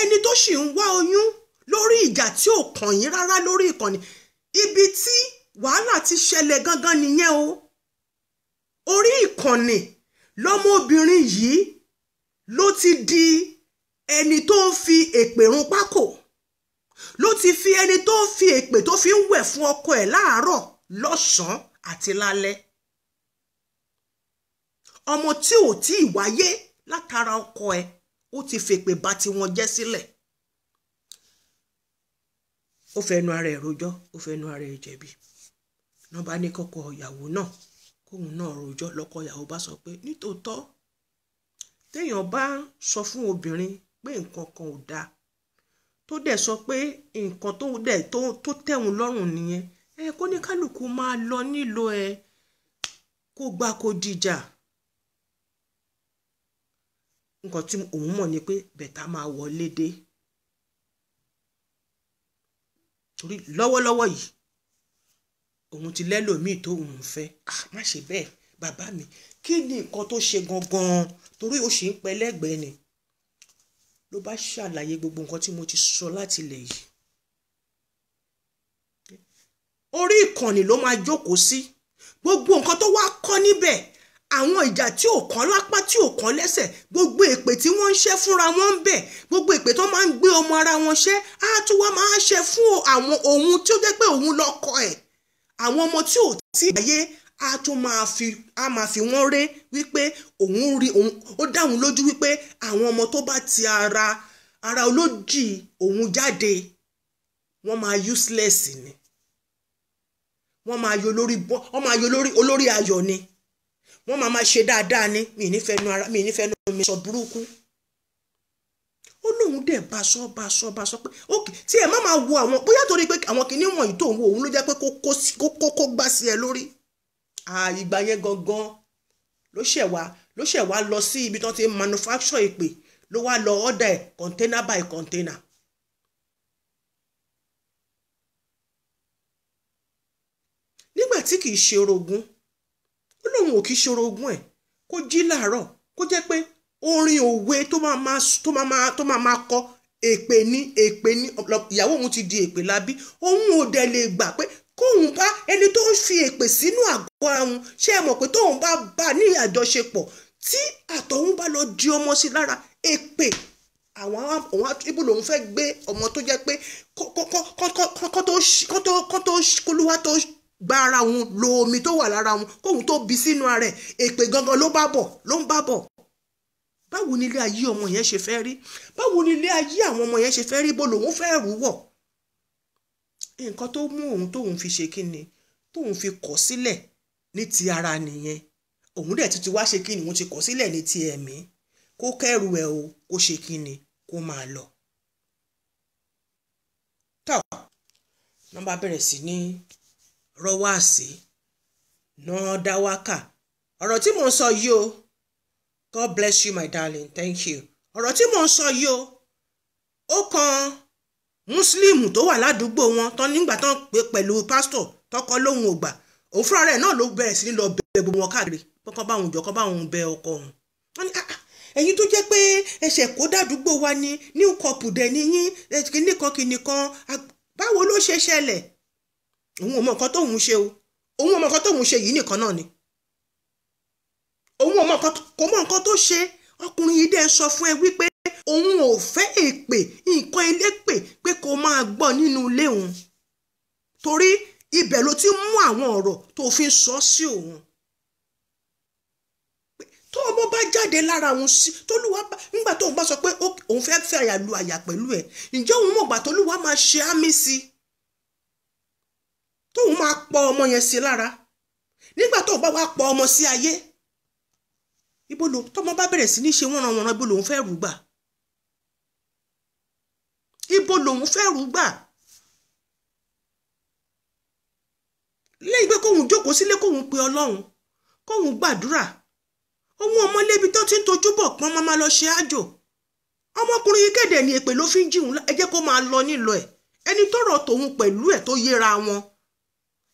ẹni tó sì ń wá oyún lórí ìjà tí ò kàn yín rárá lórí ìkànnì ibi tí wàhálà ti ṣẹlẹ̀ gangan nìyẹn o orí ìkànnì lọ́mọbìnrin yìí ló ti di ẹni tó ń fi èpè run pákò ló ti fi ẹni tó ń fi èpè tó fi ń wẹ̀ fún ọkọ ẹ̀ láàárọ̀ lọ́sàn-án àti lálẹ́ ọmọ tí ò tí ì wáyé látara ọkọ ẹ̀ ó ti fèpè bà tiwọn jẹ́ sílẹ̀. Si ó fẹnu ara ẹ̀ rojọ́ ó fẹnu ara ẹ̀ jẹ̀bi náà bá ní kọ́kọ́ ìyàwó náà kóun náà rojọ́ lọ́kọ ìyàwó bá sọ pé nítòótọ́ téèyàn bá sọ fún obìnrin pé nǹkan kan ò dáa tó dẹ̀ sọ pé nǹkan tó dẹ̀ tó tẹ̀hún lọ́rùn nìyẹn ẹ kó ní kálukú máa lọ nílò ẹ kó gbá kó dìjà nǹkan tí òun mọ̀ ni pé bẹ̀tà máa wọlé dé. torí lọ́wọ́lọ́wọ́ yìí òun ti lẹ́lòmíì tó òun fẹ́ ah má ṣe bẹ́ẹ̀ bàbá mi kí ni nǹkan tó ṣe gangan torí ó ṣe ń pẹ́ lẹ́gbẹ̀ẹ́ ni ló bá ṣàlàyé gbogbo nǹkan tí mo ti sọ láti ilẹ̀ yìí orí ìkànnì ló máa jókòó sí gbogbo nǹkan tó wá kọ́ níbẹ̀ àwọn ìjà tí ò kán lápá tí ò kán lẹ́sẹ̀ gbogbo èpè tí wọ́n ń ṣẹ́ fúnra wọn ń bẹ̀ gbogbo èpè tó máa ń gbé ọmọ ara wọn ṣẹ́ á tún wá máa ń ṣe fún àwọn ohun tí ó jẹ́ pé òun lọ́kọ ẹ̀ àwọn ọmọ tí ò tí ì gbàyé á tún máa fi á máa fi wọ́n ré wípé òun rí òun ó dá lójú wípé àwọn ọmọ tó bá ti ara ara olójì òun jáde wọ́n máa useless ni wọ́n máa yọ olórí olórí ayọ̀ ni wọ́n máa ma ṣe dáadáa ni mi ní fẹ́ nu ara mi ní fẹ́ nu mi sọ burúkú ó lóun dẹ̀ bá sọ bá sọ bá sọ pé ok tí ẹ má máa wo àwọn bóyá torí pé àwọn kìnìún wọ̀nyí tó ń wo òun ló jẹ́ pé kó kó gbá sí ẹ lórí ìgbà yẹn gangan ló ṣẹ̀ wá ló ṣẹ̀ wá lọ sí ibi tó ti manufacture ìpè ló wá lọ order container by container. nígbà tí kì ṣe orogún ó lóun ò kí ṣòro ogún ẹ̀ kó jí làárọ̀ kó jẹ́ pé orin òwe tó máa máa tó máa máa tó máa máa kọ èpè ní èpè ní ìyàwó òun ti di èpè lábí òun ò dẹ̀ lè gbà pé kóun bá ẹni tó ń fi èpè sínú àgọ́ ahun ṣé ẹ mọ̀ pé tóun bá bá ní àjọṣepọ̀ tí àtọ̀hún bá lọ di ọmọ sí lára èpè àwọn àwọn ibo lòun fẹ́ gbé ọmọ tó jẹ́ pé kọ́ tó kọ́ tó kọ́ tó kọ́ tó kọ́ tó gba ara òun lo omi tó wà lára òun kóun tó bí sínú ara ẹ̀ èpè gangan ló bá bọ̀ ló ń bá bọ̀ báwo ni ilé ayé ọmọ yẹn ṣe fẹ́ rí báwo ni ilé ayé àwọn ọmọ yẹn ṣe fẹ́ rí bó lòun fẹ́ rú wọ̀ nǹkan tó mú òun tóun fi ṣe kí ni tóun fi kọ̀ sílẹ̀ ní ti ara nìyẹn òun dẹ̀ ti wá ṣe kí ni òun ti kọ̀ sílẹ̀ ní ti ẹ̀mí kó kẹ́rù ẹ̀ o kó ṣe kí ni kó máa lọ. tọ́ nọ́mbà bẹ̀rẹ̀ sí ní rọwáàsí náà dáwákà ọ̀rọ̀ tí mò ń sọ yìí o God bless you my darling thank you ọ̀rọ̀ tí mò ń sọ yìí o ó kan mùsùlùmù tó wà ládùúgbò wọn tán nígbà tán pé pẹ̀lú pásítọ̀ tọkọ lóhùn ògbà òun fúnra rẹ̀ náà ló bẹ̀rẹ̀ sí ní lọ bẹ̀rẹ̀ gbogbo wọn káàkiri kọ́kọ́ bá òun jọ kọ́ bá òun bẹ ọkọ òun wọ́n ah, ah, tó jẹ́ pé ẹsẹ̀ kó dàdúgbò wa ni new couple dẹ̀ níyín kìnnìkan kìnnìkan báwo ló ṣe ṣẹlẹ̀ òun ò mọ nǹkan tóun ṣe o òun ò mọ nǹkan tóun ṣe yìí nìkan náà ni òun ò mọ nǹkan kò mọ nǹkan tó ṣe ọkùnrin yìí dẹ́ sọ fún ẹ wípé òun ò fẹ́ èpè nǹkan elépè pé kó máa gbọ́ nínú ilé òun torí ibẹ̀ ló ti mú àwọn ọ̀rọ̀ tó fi ń sọ sí òun tó ọmọ bá jáde lára òun sí tólúwa nígbà tóun bá sọ pé òun fẹ́ fẹ́ àyà lu àyà pẹ̀lú ẹ̀ ǹjẹ́ òun mọ̀gbà tólúwa máa ṣe ámì sí i tóun máa pọ ọmọ yẹn sí lára nígbà tóun bá wá pọ ọmọ sí ayé ibo ló tọmọ bá bẹ̀rẹ̀ sí ní ṣe wọ́nranwọ̀nran ibo lòun fẹ́ rú gbà ibo lòun fẹ́ rú gbà lẹ́yìn pé kóun jókòó sílé kóun pe ọlọ́run kóun gbàdúrà òun ọmọlébi tó ti ń tojú bọ̀ pọ́n máa lọ ṣe àjò ọmọkùnrin yìí kéde ní èpè ló fi ń jíun ẹ jẹ́ kó máa lọ nílò ẹ̀ ẹni tọrọ tòun pẹ̀lú ẹ̀ tó yẹra wọn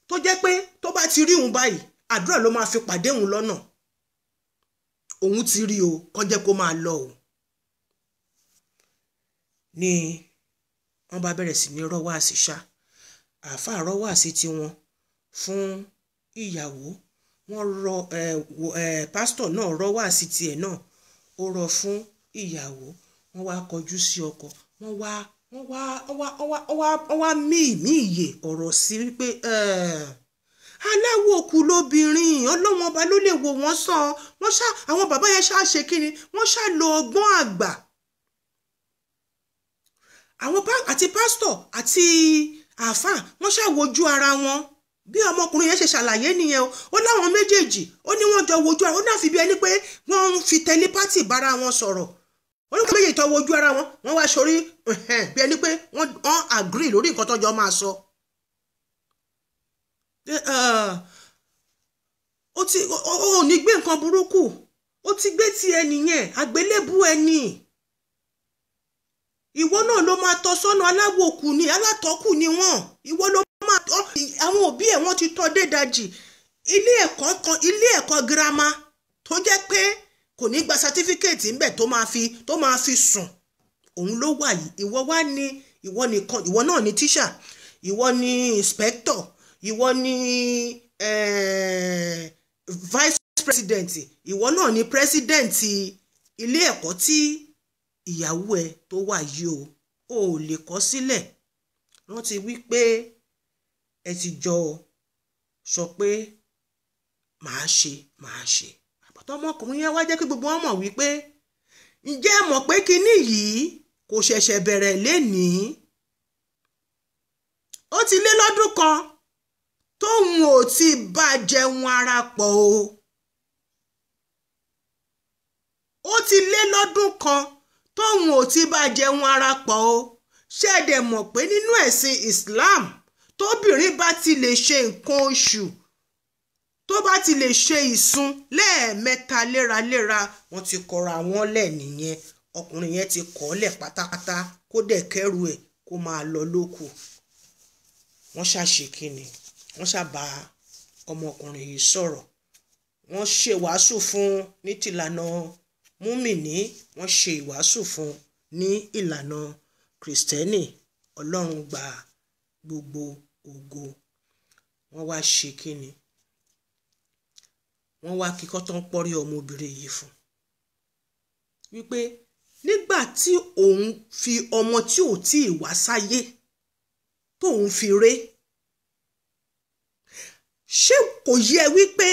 tó jẹ́ pé tó bá ti rí òun báyìí àdúrà ló máa fi pàdé òun lọ́nà òun ti rí o kàn jẹ́ kó máa lọ o ni wọ́n bá bẹ̀rẹ̀ sí ní rọ́wọ́ àṣìṣà àáfàá rọ́wọ́ àṣì tiwọn fún ìyàwó wọ́n rọ pásítọ̀ náà rọ́wọ́ àṣì tiẹ̀ náà ó rọ fún ìyàwó wọ́n wá kọjú sí ọkọ wọ́n wá wọ́n wá wá wá wá wá mí ìmí ìyè ọ̀rọ̀ sí wípé aláwọ̀ òkú lóbìnrin ọlọ́wọ́n ọba ló lè wò wọ́n sàn wọ́n ṣá àwọn bàbá yẹn ṣá ṣe kí wọ́n ṣá lo ọgbọ́n àgbà àwọn àti pásítọ̀ àti àáfàá wọ́n ṣá wojú ara wọn bí ọmọkùnrin yẹn ṣe ṣàlàyé nìyẹn o ó láwọn méjèèjì ó ní wọ́n jọ wojú ara ó náà fi bí ẹni pé wọ́n ń fi tẹlípátì bára wọn sọ̀rọ̀ oníkàwé méjèèjì tó wojú ara wọn wọ́n wá sórí bí ẹni pé wọ́n agree lórí nǹkan tó jọ máa sọ. ó ti ó ní gbé nǹkan burúkú ó ti gbé ti ẹni yẹn àgbélébú ẹni ìwọ náà ló máa tọ́ sọ́nà aláwòkù ni alátọ́kù ni wọ́n ìwọ ló máa tọ́ àwọn òbí ẹ̀ wọ́n ti tọ́ dédajì ilé ẹ̀kọ́ kan ilé ẹ̀kọ́ girama tó jẹ́ pé kò ní gba sátífíkẹ́ẹ̀tì ńbẹ̀ tó máa fi tó máa fi sùn òun ló wà yìí ìwọ wá ní ìwọ nìkan ìwọ náà ní tíṣà ìwọ ní inspector ìwọ ní eh, vice president ìwọ náà ní president ilé ẹ̀kọ́ tí ìyàwó ẹ tó wà yìí o ò lè kọ̀ sílẹ̀ rántí wípé ẹ ti jọ sọ pé màá ṣe màá ṣe àbọ̀tọ́ ọmọkùnrin yẹn wá jẹ́ kí gbogbo wọn mọ̀ wípé ǹjẹ́ ẹ mọ̀ pé kinní yìí kò ṣẹ̀ṣẹ̀ bẹ̀rẹ̀ lénìí ó ti lé lọ́dún kan tóun ò ti bá jẹun ara pọ̀ o ó ti lé lọ́dún kan tóun ò ti bá jẹun ara pọ̀ o ṣẹ́ẹ̀dẹ̀ mọ̀ pé nínú ẹ̀sìn Islam tóbìnrin bá ti lè ṣe nǹkan oṣù tó bá ti lè ṣe ìsun lẹ́ẹ̀mẹ́ta léraléra wọ́n ti kọra wọn lẹ̀ nìyẹn ọkùnrin yẹn ti kọ̀ ọ́ lẹ̀ pátápátá kó dẹ̀ kẹ́rù ẹ̀ kó máa lọ lóko wọ́n ṣàṣekínni wọ́n ṣàbá ọmọkùnrin yìí sọ̀rọ̀ wọ́n ṣe ìwàásù fún ní tìlànà múmìnì wọ́n ṣe ìwàásù fún ní ìlànà kìrìsìtẹ́nì ọlọ́run gba gbogbo ògo wọ́n wá ṣe kínni wọ́n wá kíkọ́ tán pọ́rí ọmọbìnrin yìí fún wípé nígbà tí òun fi ọmọ tí ò tí ì wá sáyé tóun fi ré ṣé kò yẹ wípé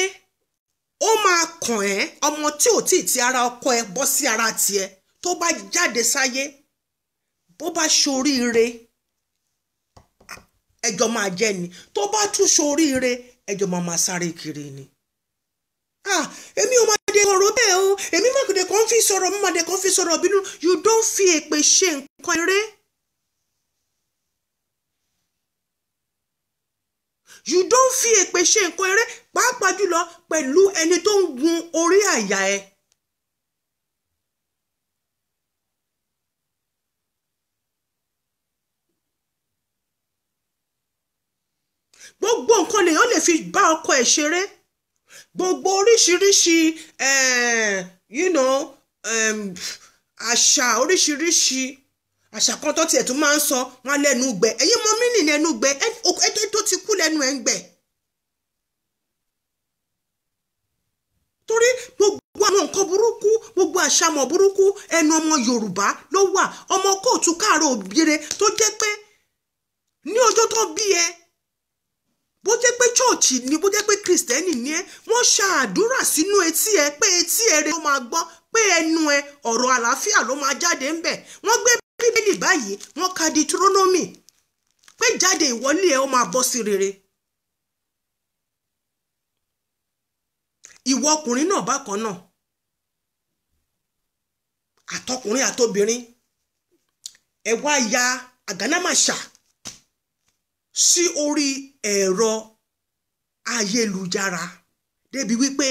ó máa kàn ẹ́ ọmọ tí ò tí ì ti ara ọkọ ẹ bọ́ sí ara tiẹ̀ tó bá jáde sáyé bó bá ṣoríire ẹjọ́ máa jẹ́ ni tó bá tún ṣoríire ẹjọ́ máa máa sáré kiri ni èmi ò máa de ọ̀rọ̀ bẹ́ẹ̀ o èmi mọ̀kìdé kan fi sọ̀rọ̀ mo de kan fi sọ̀rọ̀ bínú you don fi èpè ṣe nǹkan eré. you don fi èpè ṣe nǹkan eré pàápàá jùlọ pẹ̀lú ẹni tó ń gun orí àyà ẹ. gbogbo nǹkan lèèyàn lè fi bá ọkọ ẹ̀ ṣeré gbogbo oríṣiríṣi eh, you know àṣà oríṣiríṣi àṣà kan tó tiẹ̀ tún máa ń sọ wọn lẹ́nu gbẹ ẹ̀yin mọ mí nì lẹ́nu gbẹ ẹ tó ti kú lẹ́nu ẹ̀ ń gbẹ. torí gbogbo àwọn nǹkan burúkú gbogbo àṣàmọ̀ burúkú ẹnu ọmọ Yorùbá ló wà ọmọ kóòtù káàárọ̀ òbíire tó jẹ́ pé ní ọjọ́ tó bí ẹ bó jẹ́ pé chọ́ọ̀chì ni bó jẹ́ pé kìrìsìtẹ́nì ni ẹ wọ́n ṣàdúrà sínú etí ẹ pé etí ẹ rẹ ló máa gbọ́ pé ẹnu ẹ ọ̀rọ̀ àlàáfíà ló máa jáde ńbẹ̀ wọ́n gbé bíbélì báyìí wọ́n ka Deuteronomy pé jáde ìwọlé ẹ ó máa bọ́ sí rere. ìwọ ọkùnrin náà bákan náà àtọkùnrin àtobìnrin ẹ wá ya àgánámàṣà sí orí ẹ̀rọ ayélujára débi wípé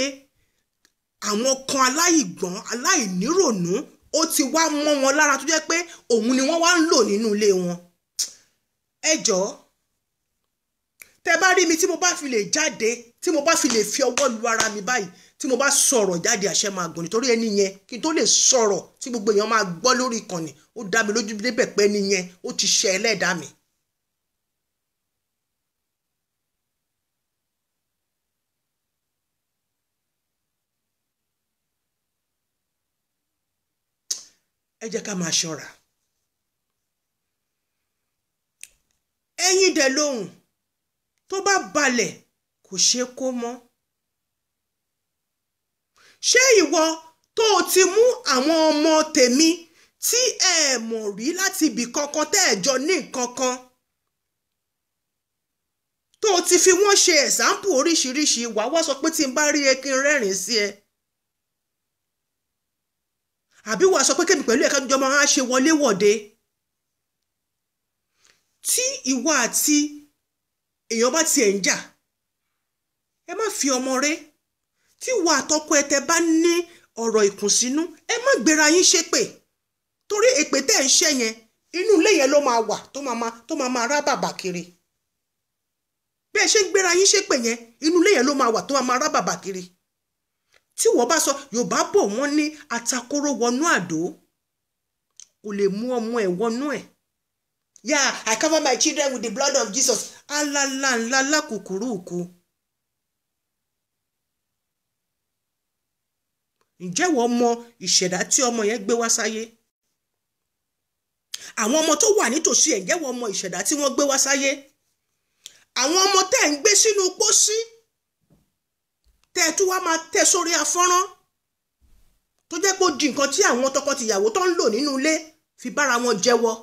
àwọn kan aláìgbọ́n aláìníròònú ó ti wá mọ́ wọn lára tó jẹ́ pé òun ni wọ́n wá ń lò nínú ilé wọn ẹ jọ̀ọ́ tẹ bá rí mi tí mo bá fi lè jáde tí mo bá fi lè fi ọwọ́ lu ara mi báyìí tí mo bá sọ̀rọ̀ jáde àṣẹ máa gbọ̀n nítorí ẹni yẹn kí n tó lè sọ̀rọ̀ tí gbogbo èèyàn máa gbọ́ lórí ìkànnì ó dá mi lójú débẹ̀ pé ẹni yẹn ó ti ṣe ẹlẹ́dàá mi ẹ jẹ́ ká máa ṣọ́ra ẹ̀yin dẹ̀ lóhùn tó bá balẹ̀ kò ṣeé kó mọ́ ṣé ìwọ tó o ti mú àwọn ọmọ tèmi tí ẹ mọ̀ rí láti ibì kankan tẹ́ ẹ jọ ní nǹkan kan tó o ti fi wọ́n ṣe ẹ̀sáǹpù oríṣiríṣi wàá wá sọ pé tí n bá rí ekin rẹ́rìn sí ẹ àbí wàá sọ pé kébì pẹ̀lú ẹ̀ka jọmọ á ṣe wọlé wọ̀de tí ìwọ àti èèyàn bá tiẹ̀ ń jà ẹ má fi ọmọ rẹ tí ìwọ àtọkọ ẹ tẹ bá ní ọ̀rọ̀ ìkùnsínú ẹ má gbéra yín ṣépè torí èpè tẹ́ ẹ̀ ń ṣẹ́ yẹn inú ilé yẹn ló máa wà tó máa máa tó máa máa rá bàbà kiri bí ẹ ṣe ń gbéra yín ṣépè yẹn inú ilé yẹn ló máa wà tó máa rá bàbà kiri tí wọ́n bá sọ yorùbá bọ̀ wọ́n ní atakóró wọnú àdó kò lè mú ọmọ ẹ̀ wọnú ẹ̀. yà i cover my children with the blood of jesus alala ńlá lákùkùrú òkú. ǹjẹ́ wọ́n mọ ìṣẹ̀dá tí ọmọ yẹn gbé wá sáyé? àwọn ọmọ tó wà nítòsí ẹ̀ ǹjẹ́ wọ́n mọ ìṣẹ̀dá tí wọ́n gbé wá sáyé? àwọn ọmọ tẹ́ ń gbé sínú pósí. Si tẹ́ ẹ tún wá máa tẹ́ sórí afọ́nrán tó jẹ́ pé ó di nǹkan tí àwọn tọkọtìyàwó tó ń lò nínú ilé fi bára wọn jẹ́wọ́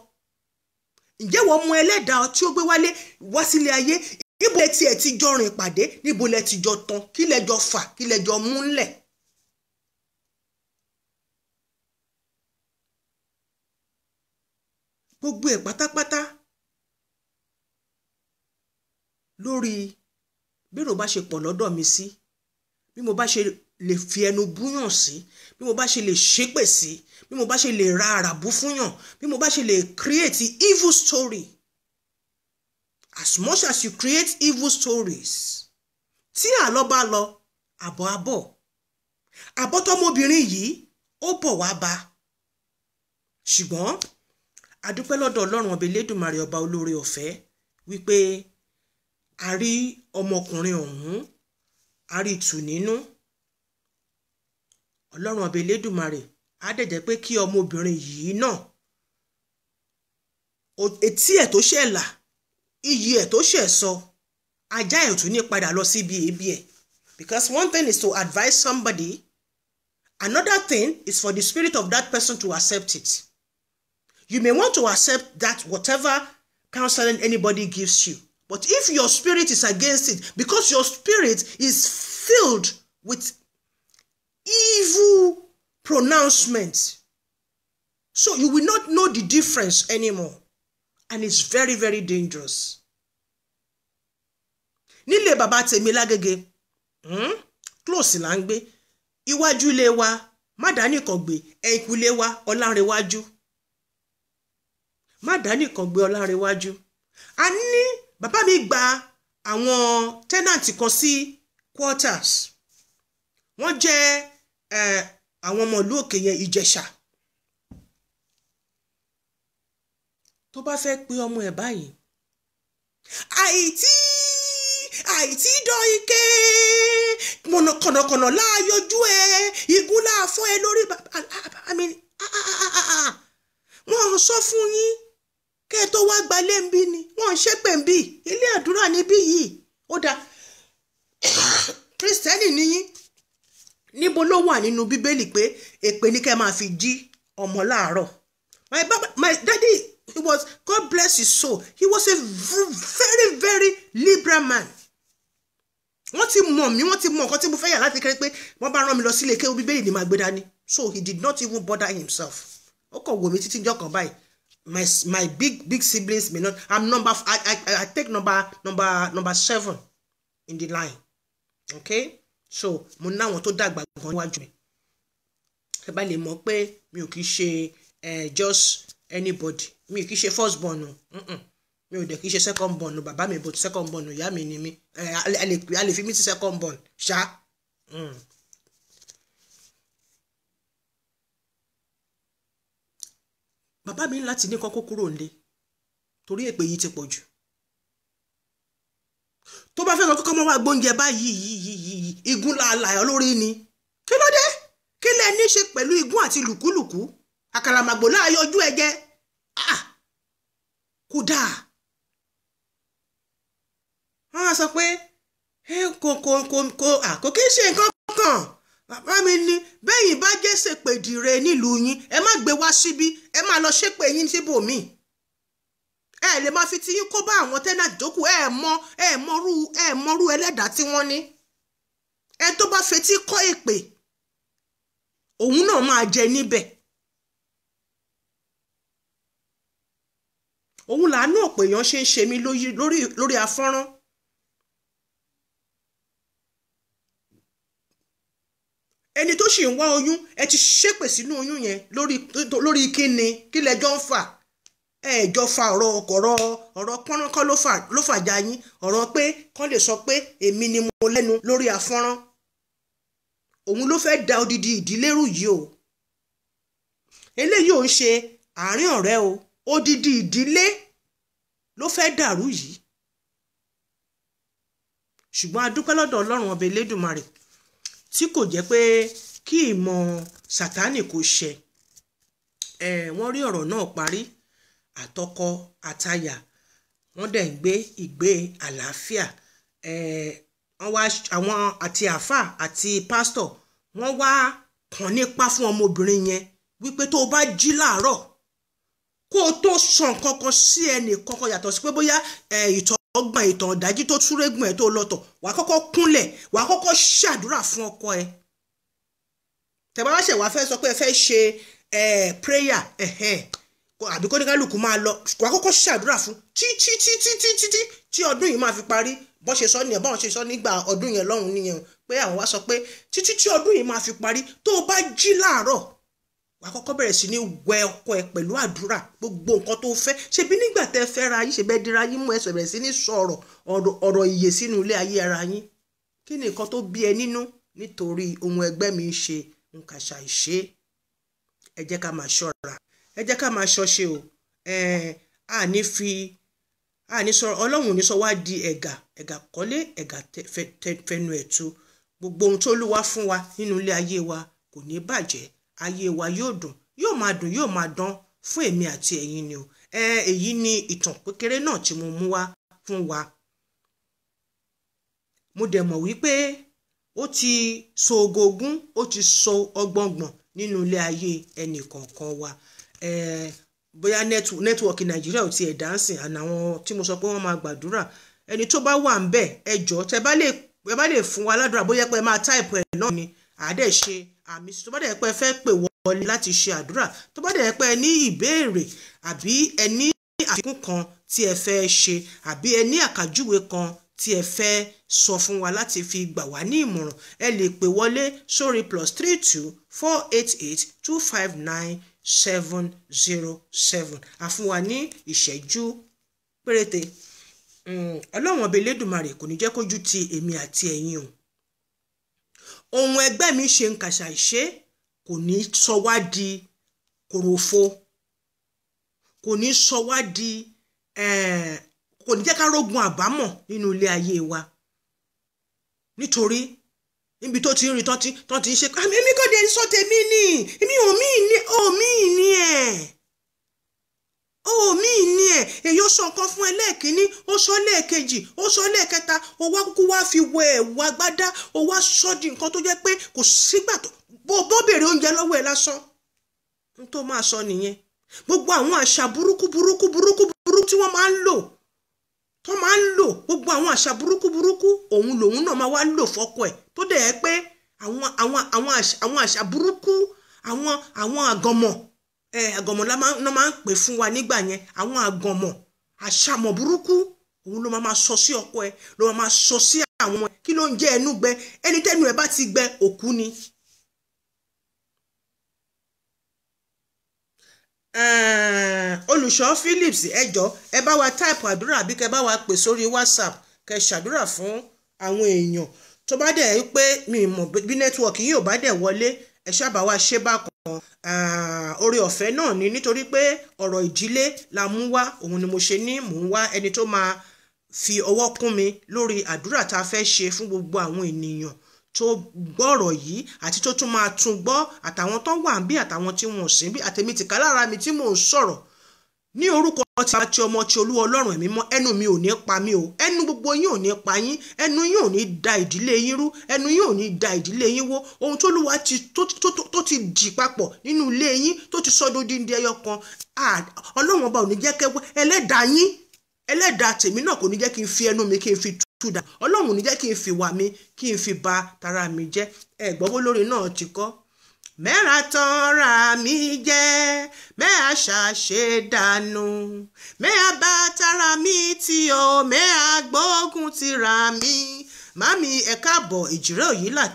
ǹjẹ́ wọ́n mú ẹlẹ́dàá tí ó gbé wálé wá sílé ayé níbo lẹ tiẹ̀ ti jọ rìn pàdé níbo lẹ ti jọ tán kí lẹ jọ fà kí lẹ jọ mú ńlẹ̀. gbogbo ẹ̀ pátápátá lórí bírò bá ṣe pọ̀ lọ́dọ̀ mi sí. Si bí mo bá ṣe lè fi ẹnu búyàn sí bí mo bá ṣe lè ṣépè sí bí mo bá ṣe lè ra àràbù fúnyàn bí mo bá ṣe lè create evil story as much as you create evil stories tí àlọ́ bá lọ àbọ̀ àbọ̀ àbọ̀ tọmọbìnrin yìí ó bọ̀ wá bá ṣùgbọ́n adúpẹ́ lọ́dọ̀ ọlọ́run ọba elédùnmarè ọba olóore ọ̀fẹ́ wípé a rí ọmọkùnrin ọ̀hún àrìtù nínú ọlọ́run ọba elédùmarè á dẹ̀ jẹ́ pé kí ọmọbìnrin yìí náà etí ẹ̀ tó ṣẹ̀ là iyì ẹ̀ tó ṣẹ̀ sọ ajá ẹ̀ tún ní padà lọ síbi èébì ẹ̀ because one thing is to advise somebody another thing is for the spirit of that person to accept it you may want to accept that whatever counseling anybody gives you But if your spirit is against it, because your spirit is filled with evil pronouncements, so you will not know the difference anymore. And it's very, very dangerous. Nílé bàbá tèmi lágége, hmm, close là iwaju lewa, madani ilé wa, mádàánìkàngbé, ẹ̀yìnkùlé wa, ọlárẹ̀wájú. Mádàánìkàngbé ọlárẹ̀wájú. A ní bàbá mi gba àwọn tẹ́nàntì kan sí quarters wọ́n jẹ́ àwọn ọmọ ìlú òkè yẹn ìjẹ̀ṣà tó bá fẹ́ pe ọmọ ẹ̀ báyìí àìtí àìtí dọ́ike kọ̀nàkọ̀nà láàyòjú ẹ igun láàfọ́ ẹ lórí bàbá mi ah, ah, ah, wọ́n sọ fún yín kẹ́ ẹ tó wá gbalé ń bí ni wọ́n ń ṣépè ń bí ilé àdúrà níbí yìí ó dáa kristẹni nìyí níbo ló wà nínú bíbélì pé èpè ní kẹ́ máa fi jí ọmọ láàárọ̀ my baba my daddy he was god bless his soul he was a very very liberal man wọ́n ti mọ̀ mí wọ́n ti mọ̀ nǹkan tí mo fẹ́ yà láti kéré pé wọ́n bá rán mi lọ sílé kéwú bíbélì ni màá gbé dání so he did not even bother himself ó kàn wò mí títí njọ́ kan báyìí my my big big siblings may not i'm number I, I i take number number number seven in the line okay so mo ná àwọn tó dàgbà gan níwájú mi ẹ bá lè mọ̀ pé mi ò kì í ṣe just anybody mi ò kì í ṣe first born o mi ò dẹ̀ kì í ṣe second born o bàbá mi bò second born o ìyá mi ni mi a lè fi mí sí second born ṣá. Mm. bàbá mi láti ní kọ́kọ́ kúrò nílé torí èpè yìí ti pọ̀ jù tó bá fẹ́ sọ kọ́kọ́ mọ́ wá gbóúnjẹ báyìí yìí yìí yìí igun làálàá olórí ni kí ló dé kí lẹ ní ṣe pẹ̀lú igun àti lùkúlùkú àkàràmàgbò láàyò ojú ẹ jẹ ah, kú dáa wọ́n sọ pé kò kò kò kò kò kì í ṣe nǹkan kan bàbá mi ní bẹ́yìn bá jẹ́ ṣèpè dìre nílùú yín ẹ má gbé wá síbí ẹ má lọ ṣépè yín síbòmíì ẹ lè máa fi tiyín kó bá àwọn tẹ́nàtì tó kù ẹ mọ ẹ mọrú ẹ mọrú ẹlẹ́dàá tí wọ́n ní ẹ tó bá fetí kọ́ èpè òun náà máa jẹ níbẹ̀ òun làánú ọ̀pọ̀ èèyàn ṣe ń ṣe mí lórí afọ́nrán ẹni tó sì ń wá oyún ẹ ti ṣépè sínú oyún yẹn lórí kíni kí lẹjọ́ ń fà ẹ̀ẹ́jọ́ fa ọ̀rọ̀ ọ̀rọ̀ ọ̀rọ̀ pọ́nrán ló fàjà yín ọ̀rọ̀ pé kán lè sọ pé èmi ni mo lẹ́nu lórí afọ́nrán òun ló fẹ́ da odidi ìdílé rú yìí o eléyìí ò ń ṣe àárín ọ̀rẹ́ o odidi ìdílé ló fẹ́ dàrú yìí ṣùgbọ́n a dúpẹ́ lọ́dọ̀ ọlọ́run elédùnmarè tí kò jẹ́ pé kí ìmọ̀ sátánì kò ṣẹ wọ́n rí ọ̀rọ̀ náà parí àtọkọ àtayà wọ́n dẹ̀ ń gbé ìgbé àlàáfíà àwọn àti àáfà àti pásítọ̀ wọ́n wá kàn nípa fún ọmọbìnrin yẹn wípé tó o bá jí láàárọ̀ kó o tó sàn kankan sí ẹnì kankan yàtọ̀ sí pé bóyá ìtọ́ ọgbọ̀n ìtàn ọ̀dájú tó túrégùn ẹ̀ tó lọ́tọ̀ wàá kọ́kọ́ kúnlẹ̀ wàá kọ́kọ́ ṣàdúrà fún ọkọ ẹ̀ tẹ̀báràṣẹ̀ wàá fẹ́ sọ pé ẹ fẹ́ ṣe prayer àbí kó ní kálukú máa lọ wàá kọ́kọ́ ṣàdúrà fún títítítítítí tí ọdún yìí máa fi parí bọ́n ṣe sọ nìyẹn bọ́n ṣe sọ nígbà ọdún yẹn lọ́hùn-ún nìyẹn pé àwọn wá sọ pé títí tí ọdún yìí máa fi parí tó o bá jí láàárọ̀ wàá kọ́kọ́ bẹ̀rẹ̀ sí ní wẹ ọkọ ẹ pẹ̀lú àdúrà gbogbo nǹkan tó fẹ́ ṣebí nígbà tẹ́ fẹ́ra yín ṣebẹ́ dira yín mú ẹsẹ̀ bẹ̀rẹ̀ sí ní sọ̀rọ̀ ọ̀rọ̀ ìyè sínú ilé ayé ara yín kí ni nǹkan tó bí ẹ nínú nítorí ohun ẹgbẹ́ mi ń ṣe ń kàṣà ìṣe ẹ jẹ́ ká máa ṣọ́ra ẹ jẹ́ ká máa ṣọ́ṣe o àní fi àní sọ̀rọ̀ ọlọ́run ní sọ wá di ẹ̀gà ẹ̀gà kọ́lé ẹ̀gà fẹnu ẹ̀tu gbogbo ohun tó lúwa fún wa nínú ilé ayé wa kò ní bàjẹ́ ayé wa yóò dùn yóò máa dùn yóò máa dán fún èmi àti ẹ̀yin ni o ẹ èyí ni ìtàn kékeré náà tí mo mú wá fún wa mo dẹ̀ mọ̀ wípé ó ti so ogógún ó ti so ọgbọ̀ngbọ̀n nínú ilé ayé ẹnì kọ̀ọ̀kan wa bóyá nẹ́tíwọ̀kì nàìjíríà ò tiẹ̀ dáǹsìn àná àwọn tí mo sọ pé wọ́n máa gbàdúrà ẹni tó bá wà ń bẹ̀ ẹ jọ̀ọ́ tẹ bá lè fún wa ládùúrà bóyá pé máa táìpù ẹ̀ náà ni àádẹ́ ṣe àmì tó bá dẹ̀ pẹ́ fẹ́ pè wọlé láti ṣe àdúrà tó bá dẹ̀ pẹ́ ní ìbéèrè àbí ẹ ní àfikún kan tí ẹ fẹ́ ṣe àbí ẹ àkàjúwe kan tí ẹ fẹ́ sọ fún wa láti fi gbà wá ní ìmọ̀ràn ẹ lè pè wọlé sórí plus three two four eight eight two five nine seven zero seven àfún wa ní ìṣẹ́jú péréte hmm, ọlọ́run ọba elédùnmarè kò ní jẹ́ kójú ti èmi àti ẹ̀yin o ohun ẹgbẹ́ mi ṣe ń kàṣà ìṣe kò ní sọ wá di kòròfo kò ní sọ wá di eh, kò ní jẹ́ ká rógun àbámọ̀ nínú ilé ayé wa nítorí níbi tó ti ń rìn tán ti ń ṣe àmì èmi kò dé sọ tèmi ni èmi ò mí ní ò mí ní ẹ̀ omi ní ẹ̀ èyí ó sọ nǹkan fún ẹ lẹ́ẹ̀kínní ó sọ lẹ́ẹ̀kejì ó sọ lẹ́ẹ̀kẹta ó wá kúkú wá fi wọ ẹ̀wù agbádá ó wá sọ di nǹkan tó jẹ́ pé kò sígbà tó bó béèrè oúnjẹ lọ́wọ́ ẹ lásán n tó máa sọ nìyẹn gbogbo àwọn àṣà burúkú burúkú burúkú burúkú tí wọ́n máa ń lò tó máa ń lò gbogbo àwọn àṣà burúkú burúkú òun lòun náà máa wá lò fọ́kọ ẹ̀ tó dẹ̀ ẹ́ pé àwọn àwọn àwọn àṣà burúkú àwọn àwọn àgànmọ̀ àgànmọ̀ náà máa ń pè fún wa nígbà yẹn àwọn àgànmọ̀ àṣàmọ̀ burúkú òun ló máa sọ sí ọkọ ẹ ló máa sọ sí àwọn ẹ kí ló ń jẹ ẹnu gbẹ ẹni tẹnu ẹ bá ti gbẹ òkú ni. olùṣọ́ Phillips ẹjọ́ ẹ bá wa táìpù àdúrà àbí kẹ bá wa pè sórí WhatsApp kẹ ṣàdúrà fún àwọn èèyàn tó bá dẹ̀ pé mi mọ̀ bí nẹ́tíwọ̀kì yìí ò bá dẹ̀ wọlé ẹ ṣáàbà wa ṣe bákan oore ọ̀fẹ́ náà ni nítorí pé ọ̀rọ̀ ìdílé la mú wá òun ni mo ṣe ní mò ń wá ẹni tó máa fi ọwọ́ kún mi lórí àdúrà tá a fẹ́ ṣe fún gbogbo àwọn ènìyàn tó gbọ́rọ̀ yìí àti tó tún máa tún gbọ́ àtàwọn tó wà ń bí àtàwọn tí wọn ò bí àtẹ̀mí tìkálára mi tí mò ń sọ̀rọ̀ ní orúkọ ti bá ti ọmọ ti olú ọlọ́run ẹ̀mí mọ́ ẹnu mi ò ní pa mí o ẹnu gbogbo yín ò ní pa yín ẹnu yín ò ní da ìdílé yín rú ẹnu yín ò ní da ìdílé yín wó ohun tó lúwa tó ti dì papọ̀ nínú ilé yín tó ti sọ́dọ̀ díndín ẹyọ kan ọlọ́run ọba ò ní jẹ́ kẹ́wọ́ ẹlẹ́dàá yín ẹlẹ́dàá tèmi náà kò ní jẹ́ kí n fi ẹnu mi kí n fi tú dà ọlọ́run ò ní jẹ́ kí n fi wà mí kí n fi ba tara mi jẹ́ ẹ̀gbọ́n bó lórí náà mẹ́ra tọ́ra mi jẹ́ mẹ́a ṣàṣe dànù mẹ́a bá tara mi tí o mẹ́a gbógun tira mi mami ẹ káàbọ̀ ìjírẹ́ òyìn là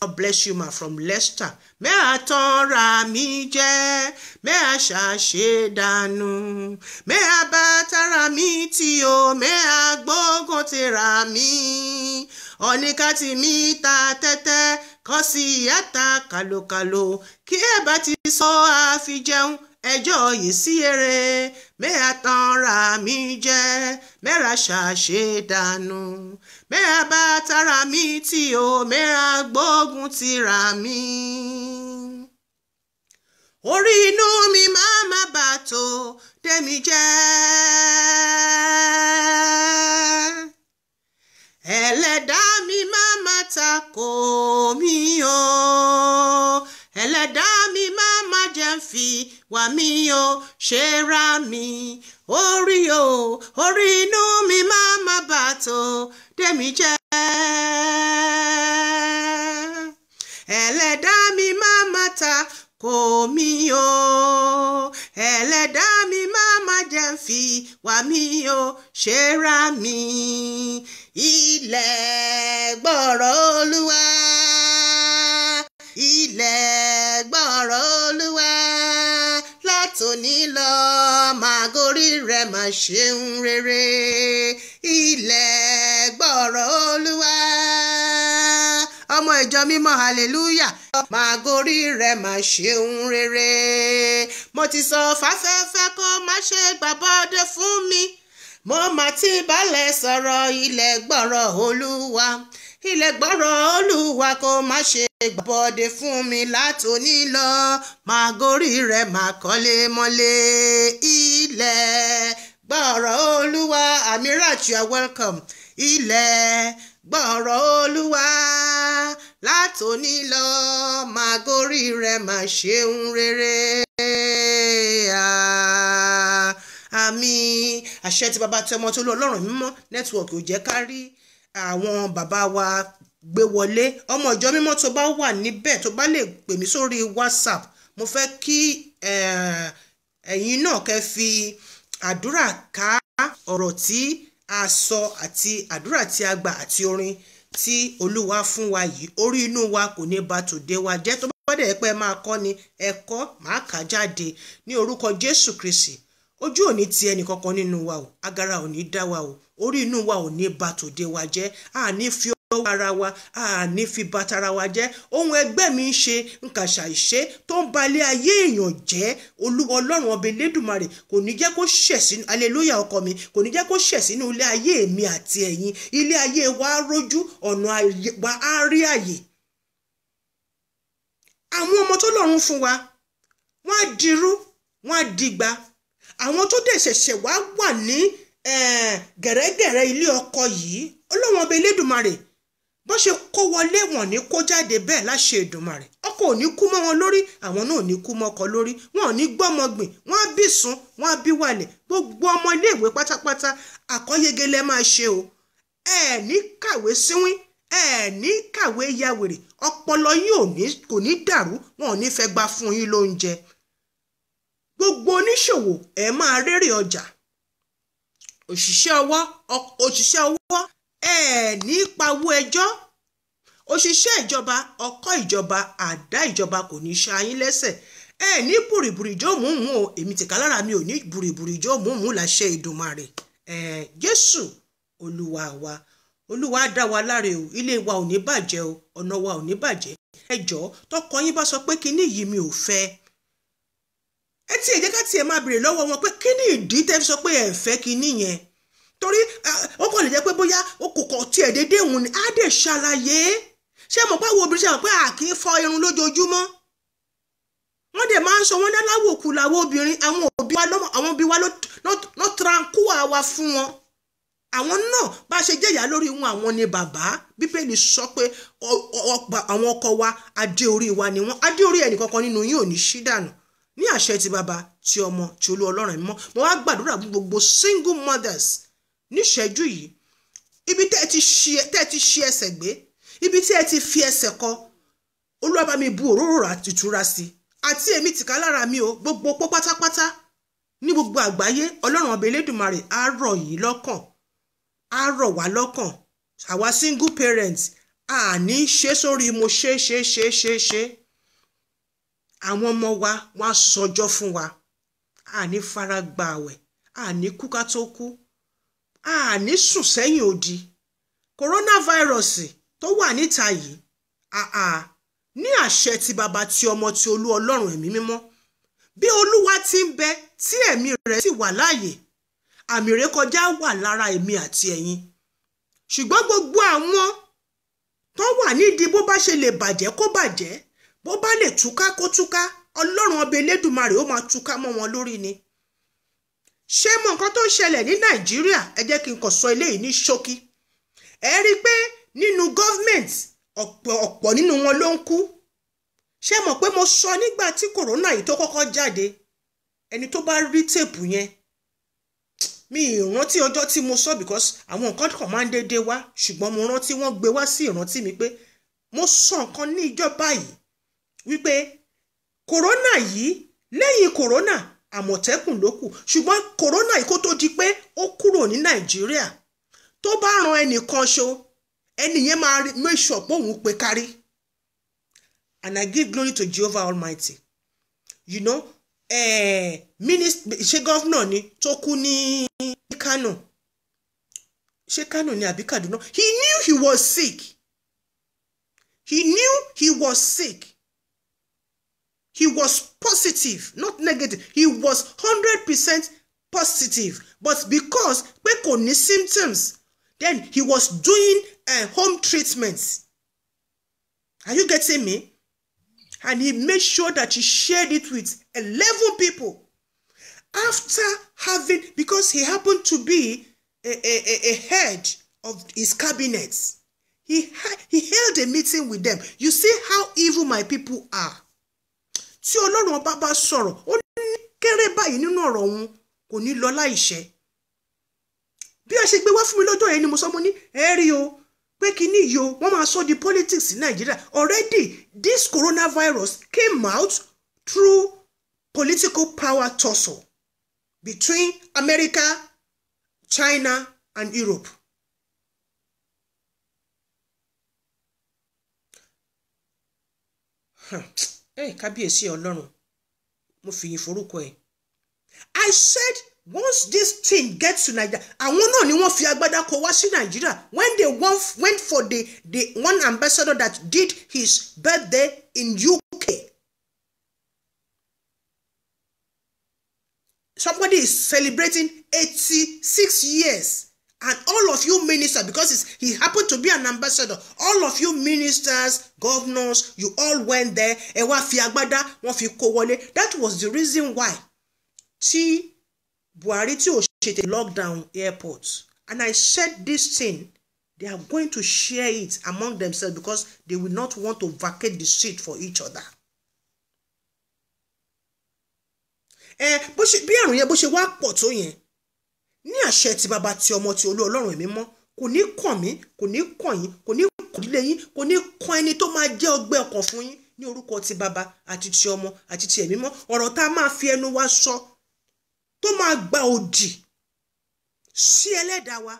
God bless you ma from Leicester mẹ́a tọ́ra mi jẹ́ mẹ́a ṣàṣe dànù mẹ́a bá tara mi tí o mẹ́a gbógun tira mi ọ̀nìkàtì mi ta tẹ́tẹ́ kò sí ìyáta kàlòkàlò kí ẹ bá ti sọ àfijẹun ẹjọ́ yìí sí eré mẹ́à tán ra mi jẹ́ mẹ́ra ṣàṣe dànù mẹ́ra bá tara mi tí o mẹ́ra gbógun ti ra mi. orí inú mi máa má bàtò tèmi jẹ́ ẹlẹ́dá mi má má ta kò mí o ẹlẹ́dá mi má má jẹ́ ń fi wà mí o ṣe ra mi orí o orí inú mi má má bà tó dèmi jẹ́. ẹlẹ́dá mi má má ta kò mí o ẹlẹ́dá mi má má jẹ́ ń fi wà mí o ṣe ra mi ilẹ̀ gbọ́rọ̀ olúwa ilẹ̀ gbọ́rọ̀ olúwa látòní lọ máa gorí rẹ̀ máa ṣeun rere ilẹ̀ gbọ́rọ̀ olúwa ọmọ ìjọ mímọ́ hallelujah máa gorí rẹ̀ máa ṣeun rere mo ti sọ fáfẹ́fẹ́ kó má ṣe gbàbọ́dé fún mi mo mà ti balẹ̀ sọ̀rọ̀ ilẹ̀ gbọ́rọ̀ olúwa ilẹ̀ gbọ́rọ̀ olúwa kó má ṣe gbàbọ̀dé fún mi látòní lọ máa gorí rẹ̀ máa kọ́lé mọ́lé ilẹ̀ gbọ́rọ̀ olúwa Amirat are welcome ilẹ̀ gbọ́rọ̀ olúwa látòní lọ máa gorí rẹ̀ máa ṣeun rere mi àṣẹ ti bàbá tí ọmọ tó lọ ọlọ́run mímọ́ nẹ́tíwọ̀kì ò jẹ́ ká rí àwọn bàbá wa gbé wọlé ọmọ ìjọ mímọ́ tó bá wà níbẹ̀ tó bá lè pè mí sórí whatsapp mo fẹ́ kí ẹ̀yin náà kẹ́ fi àdúrà ká ọ̀rọ̀ tí a sọ àti àdúrà tí a gbà àti orin tí olúwa fún wa yìí orí inú wa kò ní bà tòde wa jẹ́ tó bá dẹ̀ pẹ́ máa kọ́ ni ẹ̀kọ́ máa kà jáde ní orúkọ jésù kristi ojú ò ní ti ẹnì kankan nínú wa o agara ò ní dá wa o orí inú wa ò ní bà tòde wa jẹ́ àní fi lọ́wọ́ ara wa àní fi bàtara wa jẹ́ ohun ẹgbẹ́ mi ń ṣe nkàṣà ìṣe tó ń balẹ̀ ayé èèyàn jẹ́ olúwa ọlọ́run ọba elédùnmarè kò ní jẹ́ kó ṣẹ̀ sínú aleluya ọkọ mi kò ní jẹ́ kó ṣẹ̀ sínú ilé ayé mi àti ẹ̀yin ilé ayé wa rójú ọ̀nà wa á rí àyè. àwọn ọmọ tó lọ́run fún wa wọ́n á dirú wọ́n á digba àwọn tó dẹ̀ ṣẹ̀ṣẹ̀ wá wà ní eh, gẹ̀rẹ́gẹ̀rẹ́ ilé ọkọ yìí ọlọ́wọ́n ọba elédùnmarè bọ́n ṣe kó wọlé wọn ní kó jáde bẹ́ẹ̀ láṣẹ Èdùmàrè ọkọ ò ní kú mọ́ wọn lórí àwọn náà ò ní kú mọ́ ọkọ lórí wọn ò ní gbọ́mọgbìn wọn á bí sùn wọn á bí wàlẹ̀ gbogbo ọmọ iléèwé pátápátá àkọ́yege lẹ máa ṣe o ẹ ní kàwé síwín ẹ ní kàwé yawèrè ọpọlọ yìí kò ní dàrú wọn ò ní fẹ́ gbà fún yín lóúnjẹ gbogbo oníṣòwò ẹ máa rérè ọjà òṣìṣẹ́ ọwọ́ òṣìṣẹ́ ọwọ́ ẹ ní pawó ẹjọ́ òṣìṣẹ́ ìjọba ọkọ̀ ìjọba àdá ìjọba kò ní ṣe ayín lẹ́sẹ̀ ẹ ní bùrìbùrì jó mùmù o èmi tìkálára mi ò ní bùrìbùrì jó mùmù láṣẹ Èdùmàrè ẹ Jésù olúwa wa olúwa dá wa láre o ilé wa ò ní bàjẹ́ o ọ̀nà wa ò ní bàjẹ́ ẹ jọ̀ọ́ tọkọ yín bá sọ pé kinní yìí mi ò fẹ́ ẹ ẹ tí ẹ jẹ́ ká tiẹ̀ máa béèrè lọ́wọ́ wọn pé kí ni ìdí tẹ́ fi sọ pé ẹ̀ ń fẹ́ kinní yẹn torí ó kàn lè jẹ́ pé bóyá ó kò kọ̀ tiẹ̀ déédéé òun ni á dẹ̀ ṣàlàyé ṣé mo pa wo obìnrin ṣe mọ̀ pé àkì ń fọ irun lójoojúmọ́ wọ́n dẹ̀ máa ń sọ wọ́n ní aláwọ̀ làwọn obìnrin àwọn òbí wa lọ́mọ àwọn òbí wa lọ́ trankú àwa fún wọn àwọn náà bá ṣe jẹ́yà lórí wọn àwọn ni bàbá bíbélì sọ pé àwọn ọkọ wa adé orí wa ni wọ́n adé orí ẹnìkankan nínú yín ò ní ṣí dànù ní àṣẹ ti bàbá ti ọmọ ti olú ọlọ́run mọ́ mo wá gbàdúrà fún gbogbo single mothers níṣẹ́jú yìí ibi tẹ́ ẹ ti ṣí ẹsẹ̀ gbé ibi tí ẹ ti fi ẹsẹ̀ kọ olúwa mi bu òróró ìtura sí àti èmi tìka lára mi o gbogbo pọ́ pátápátá ní gbogbo àgbáyé ọlọ́run ọba elédùnmarè á rọ̀ yìí lọ́kàn á rọ̀ wá lọ́kàn àwa single parents àní ṣe sórí mo ṣe ṣe ṣe ṣe ṣe. ṣe àwọn ọmọ wa wọ́n á sọjọ́ fún wa àní fara gba àwẹ̀ àní kú ká tó kú àní sùn sẹ́yìn odi coronavirus tó wà níta yìí àà ní àṣẹ ti bàbá ti ọmọ ti olú ọlọ́run ẹ̀mí mímọ́ bí olúwa ti ń bẹ tí ẹ̀mí rẹ̀ sì wà láàyè àmì ìrékọjá wà lára èmi àti ẹ̀yin ṣùgbọ́n gbogbo àwọn tó wà nídìí bó bá ṣe lè bàjẹ́ kó bàjẹ́ bó bá lè túká kó túká ọlọ́run ọba elédùnmarè ó máa túká mọ́ wọn lórí ni ṣé mọ nǹkan tó ń ṣẹlẹ̀ ní nàìjíríà ẹ jẹ́ kí n kàn sọ eléyìí ní ṣókí ẹ rí i pé nínú government ọ̀pọ̀ nínú wọn ló ń kú ṣé mọ̀ pé mo sọ nígbà tí kòrónà yìí tó kọ́kọ́ jáde ẹni tó bá rí tèpù yẹn mi ìrántí ọjọ́ tí mo sọ because àwọn nǹkan kan máa ń déédéé wá ṣùgbọ́n mo rántí wọ́n gbé wá sí ìrántí mi pé mo sọ nǹkan ní ìjọ báyìí wípé kòrónà yìí lẹ́yìn kòrónà àmọ̀tẹ́kùn ló kù ṣùgbọ́n kòrónà yìí kó tó di pé ó kúrò ní nàìjíríà tó bá ran ẹnìkan ṣo ẹnì yẹn máa make sure pé òun pe kárí and I give glory to Jehovah Almighty you know eh, minister ṣé gọ́fúnà ni tó kú ní Kano ṣé Kano ni àbí Kaduna he knew he was sick he knew he was sick He was positive, not negative. He was 100% positive. But because pé ní symptoms, then he was doing a home treatment. Are you getting me? And he made sure that he shared it with 11 people. After having, because he happened to be a, a, a head of his cabinet, he, he held a meeting with them. You see how evil my people are. tí ọlọ́run ọba bá sọ̀rọ̀ ó ní kéré báyìí nínú ọ̀rọ̀ òun kò ní lọ láìṣẹ bí a ṣe gbé wá fún mi lọ́jọ́ yẹn ni mo sọ mo ní ẹ rí o pé kíní yìí o wọ́n máa sọ di politics ní nàìjíríà already this coronavirus came out through political power tussle between America, China and Europe. Huh ẹ kábíyèsí ọlọ́run mo fìyìn forúkọ ẹ̀. I said once this thing gets to Nigeria I náà ni wọ́n fi agbádá kó wá sí Nigeria when they went for the the one ambassador that did his birthday in UK. Somebody is celebrating eighty-six years and all of you ministers because he happened to be an ambassador all of you ministers governors you all went there ẹ fi agbádá wọ́n fi kó that was the reason why tí Buhari tí ò lockdown airport and I said this thing they are going to share it among themselves because they will not want to vacate the seat for each other. Eh, bó ṣe bí àrùn yẹn bó ṣe wá pọ̀ tó yẹn ní àṣẹ ti bàbá ti ọmọ ti olú ọlọ́run ẹ̀mí mọ́ kò ní kàn mí kò ní kàn yín kò ní kàn ìdílé yín kò ní kàn ẹni tó máa jẹ́ ọgbẹ́ ọkàn fún yín ní orúkọ ti bàbá àti ti ọmọ àti ti ẹ̀mí mọ́ ọ̀rọ̀ tá a máa fi ẹnu wa sọ tó máa gba òdì sí ẹlẹ́dàá wa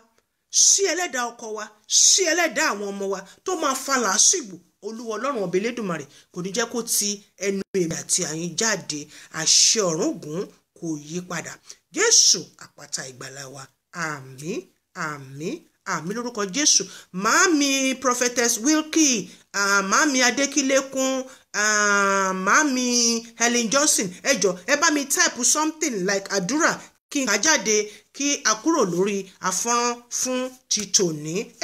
sí ẹlẹ́dàá ọkọ wa sí ẹlẹ́dàá àwọn ọmọ wa tó máa fa làásìgbò olúwa ọlọ́run ọ̀bẹ lẹ́dùnmarè kò ní jẹ́ kó ti ẹnu èmi àti àyín jáde àṣẹ ọ̀rùngún kò yí padà jésù àpáta ìgbàlà wa àmín àmín àmín lórúkọ jésù màámi prophetess wilkie uh, màámi adékílékún uh, màámi helen johnson ẹ jọ̀ọ́ ẹ bá mi type something like àdúrà kí n kà jáde kí a kúrò lórí afọ́nrán fún ti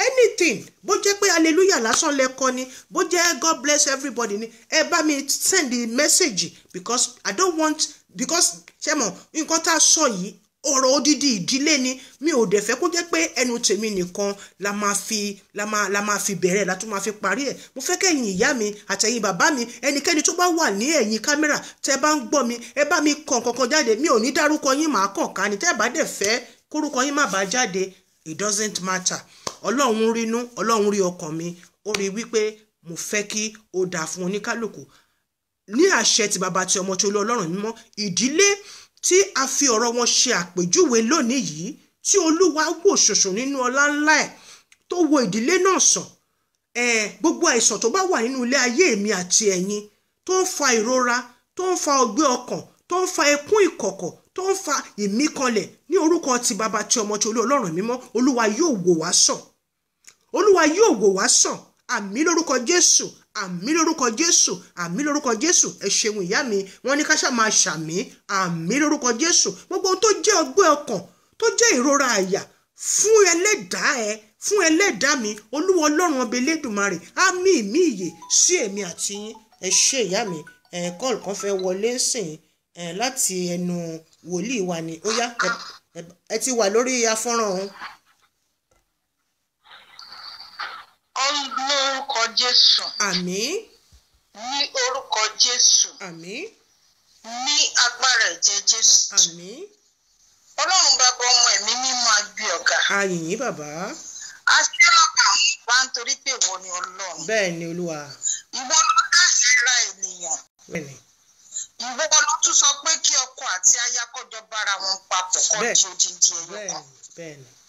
anything bó jẹ́ pé hallelujah lásán lẹ́kọ́ ni bó jẹ́ god bless everybody ni ẹ bá mi send the message because i don't want because ṣé mọ̀ nǹkan tá a sọ yìí ọ̀rọ̀ odidi ìdílé ni mi ò dẹ̀ fẹ́ kó jẹ́ pé ẹnu tèmi nìkan la máa fi la máa la máa fi bẹ̀rẹ̀ la tún máa fi parí ẹ̀ mo fẹ́ kẹ́yìn ìyá mi àtẹ̀yìn bàbá mi ẹnikẹ́ni tó bá wà ní ẹ̀yìn kámẹ́rà tẹ́ bá ń gbọ́ mi ẹ bá mi kàn kankan jáde mi ò ní dárúkọ yín màá kàn ká ni tẹ́ bá dẹ̀ fẹ́ kórúkọ yín má bàá jáde it doesn't matter ọlọ́run rínú ọlọ́run rí ọkàn mi ó rí wípé mo fẹ́ kí ó dáa fún oníkálùkù ní àṣẹ ti bàbá ti ọmọ tí olú ọlọ́run mímọ́ ìdílé tí a fi ọ̀rọ̀ wọn ṣe àpèjúwe lónìí yìí tí olúwa wò ṣoṣo nínú ọlá ńlá ẹ̀ tó wo ìdílé náà sàn gbogbo àìsàn tó bá wà nínú ilé ayé mi àti ẹ̀yin tó ń fa ìrora tó ń fa ọgbẹ́ ọkàn tó ń fa ẹkún ìkọ̀kọ̀ tó ń fa ìmíkanlẹ̀ ní orúkọ ti bàbá ti ọmọ ti olú ọlọ́run mímọ́ olúwa yóò wò wá sàn olúwa yóò wò wá sàn àmì lórúkọ jésù àmì lórúkọ jésù àmì lórúkọ jésù ẹ ṣeun ìyá mi wọ́n ní ká ṣáà máa ṣàmì àmì lórúkọ jésù gbogbo ohun tó jẹ́ ọgbẹ́ ọkàn tó jẹ́ ìrora àyà fún ẹlẹ́dàá ẹ fún ẹlẹ́dàá mi olúwa ọlọ́run ọba elédùnmarè á mí ìmí ìyè sí èmi àti ẹ ṣe ìyá mi ẹ kọ́ọ̀lù kan fẹ́ wọlé sìn ẹ láti ẹnu wòlíì wa ni ó yá ẹ ti wà lórí afọ́nrán ọ̀hún. ní orúkọ Jésù. àmín. ní orúkọ Jésù. àmín. ní agbára ẹ̀jẹ̀ Jésù. àmín. ọlọ́run bàbá ọmọ ẹ̀mí mímọ́ agbé ọ̀gá. ayìnyín bàbá. a ṣe ọ̀gá wa nítorí pé ìwọ ni ọlọ́run. bẹ́ẹ̀ ni olúwa. ìwọ ló dá ìra ènìyàn. bẹ́ẹ̀ ni ìwọ ló tún sọ pé kí ọkọ àti aya kọjọ bára wọn papọ̀ kọ́ di odindi ẹ̀yọ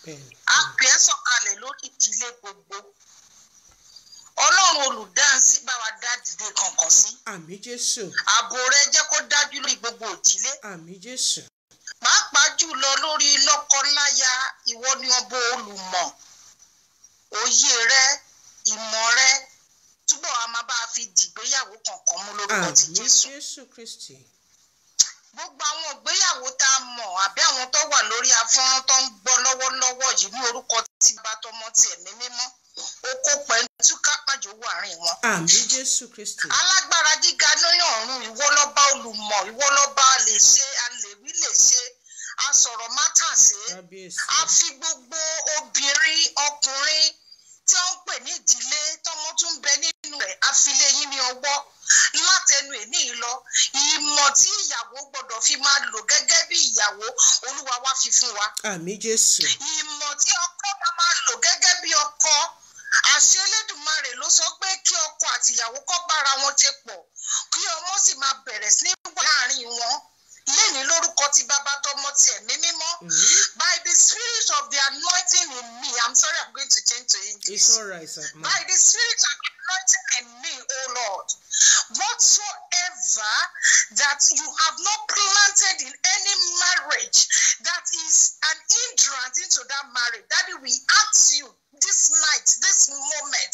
kan. a pè é sọ̀kalẹ̀ lórí ìdílé gbogbo ọlọ́run olùdáǹsí bá wa dá dìde kankan sí. àmín jésù. ààbò rẹ jẹ́ kó dájú lórí gbogbo òtílé. àmín jésù. pàápàá jùlọ lórí lọ́kọ-láya ìwọ ni ọbọ olùmọ̀ òye rẹ ìmọ̀ rẹ túbọ̀ a máa bá a fi dìgbéyàwó kankan mú lórúkọ ti jésù. àmín jésù kristi. gbogbo àwọn ìgbéyàwó tá a mọ̀ àbí àwọn tó wà lórí afọ́nrán tó ń gbọ́ lọ́wọ́lọ́wọ́ yìí ní orúkọ tí bá tọmọ tiẹ̀ mímímọ́ oko pẹ̀ntú kápájò wà rìn wọn. àmì jésù kristi. alágbára gíga lóyún ọ̀run ìwọ lọ́ba olùmọ̀ ìwọ lọ́ba lè ṣe alèwí lè ṣe asọ̀rọ̀ mátàsé a fi gbogbo obìnrin ọkùnrin tí wọ́n ń pè ní ìdílé tọ́mọ tún bẹ nínú ẹ̀ a fi lé yín ní ọwọ́ látẹnu èní lọ ìmọ̀ tí ìyàwó gbọ́dọ̀ fi máa lò gẹ́gẹ́ bí ìyàwó olúwa wá fi fún wa. àmì jésù. ìmọ̀ tí ọkọ máa lò gẹ́gẹ́ bí ọkọ àṣẹ Elédùmarè ló sọ pé kí ọkọ àtìyàwó kọ́ bára wọn ṣe pọ̀ kí ọmọ sì máa bẹ̀rẹ̀ sí ní wà láàrin wọn lẹ́ni lórúkọ ti bàbá tọmọ ti ẹ̀mí mímọ́ mm-hmm. by the spirit of the anointing in me i'm sorry i'm going to change to english right, mm. by the spirit of the anointing in me o oh lord whatsoever that you have not planted in any marriage that is an hindrance into that marriage daddy we ask you this night, this moment,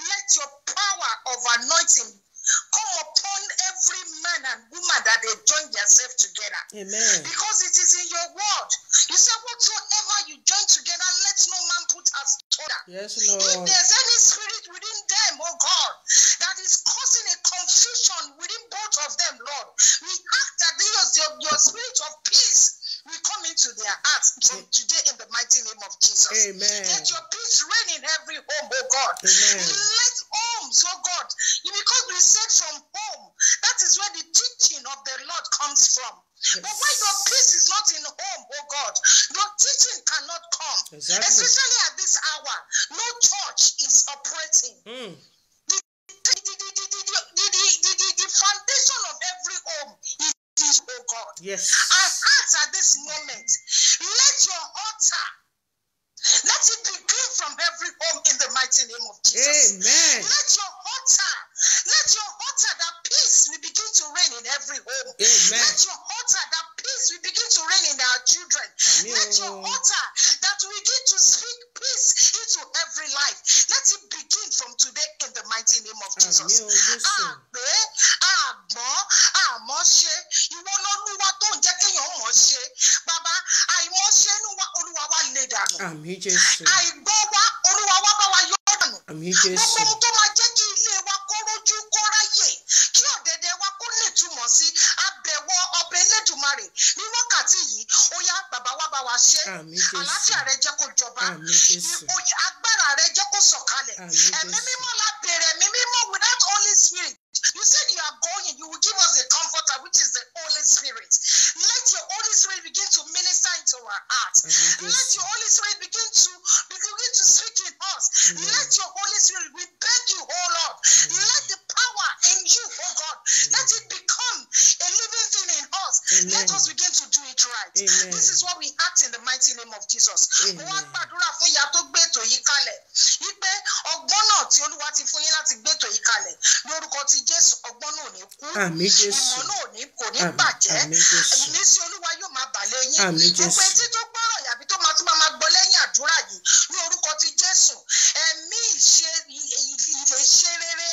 let your power of anointing come upon every man and woman that they join themselves together. Amen. Because it is in your word. You say, whatsoever you join together, let no man put asunder. Yes, Lord. If there's any spirit within them, oh God, that is causing a confusion within both of them, Lord, we ask that there is your, your spirit of peace We come into their hearts from today in the mighty name of Jesus. Amen. Let your peace reign in every home, oh God. Amen. Let homes, oh God, because we said from home, that is where the teaching of the Lord comes from. Yes. But when your peace is not in home, oh God, your teaching cannot come. Exactly. Especially at this hour, no church is operating. Mm. The, the, the, the, foundation of every God. Yes. I hearts at this moment, let your altar, let it be clean from every home in the mighty name of Jesus. Amen. Let your altar, let your altar that peace will begin to reign in every home. Amen. Let your altar that peace will begin to reign in our children. Amen. Let your altar that we begin to speak peace into every life. Let it begin from today in the mighty name of oh Jesus. Amen. Ah, àmì jésù àìgbọ́ wa olúwa wa bá wa yọ ọ́ àmì jésù gbogbo ohun tó máa jẹ́ kí ilé wa kó rójú kó ráyè kí ọ̀dẹ̀dẹ̀ wa kó lè túmọ̀ sí abẹ̀wọ̀ ọbẹ̀ elédùnmarè ní wákàtí yìí ó yá bàbá wa bá wa ṣe àlàáfíà rẹ jẹ́ kó jọba àmì jésù àmín jésù ìrònú òní kò ní bàjẹ́ ìmísí olúwa yóò máa balẹ̀ yín àmín jésù gbogbo etí tó gbọ́rọ̀ yàbí tó máa tún máa gbọ́ lẹ́yìn àdúrà yìí ní orúkọ ti jésù ẹ̀mí ìṣe ilé ṣe rere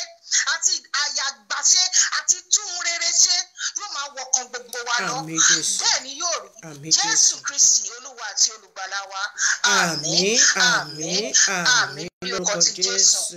àti àyàgbà ṣe àti tún rere ṣe yóò máa wọkàn gbogbo wa lọ bẹ́ẹ̀ ni yóò rí jésù kristi olúwa àti olùgbàlà wa àmín àmín àmín lórúkọ ti jésù.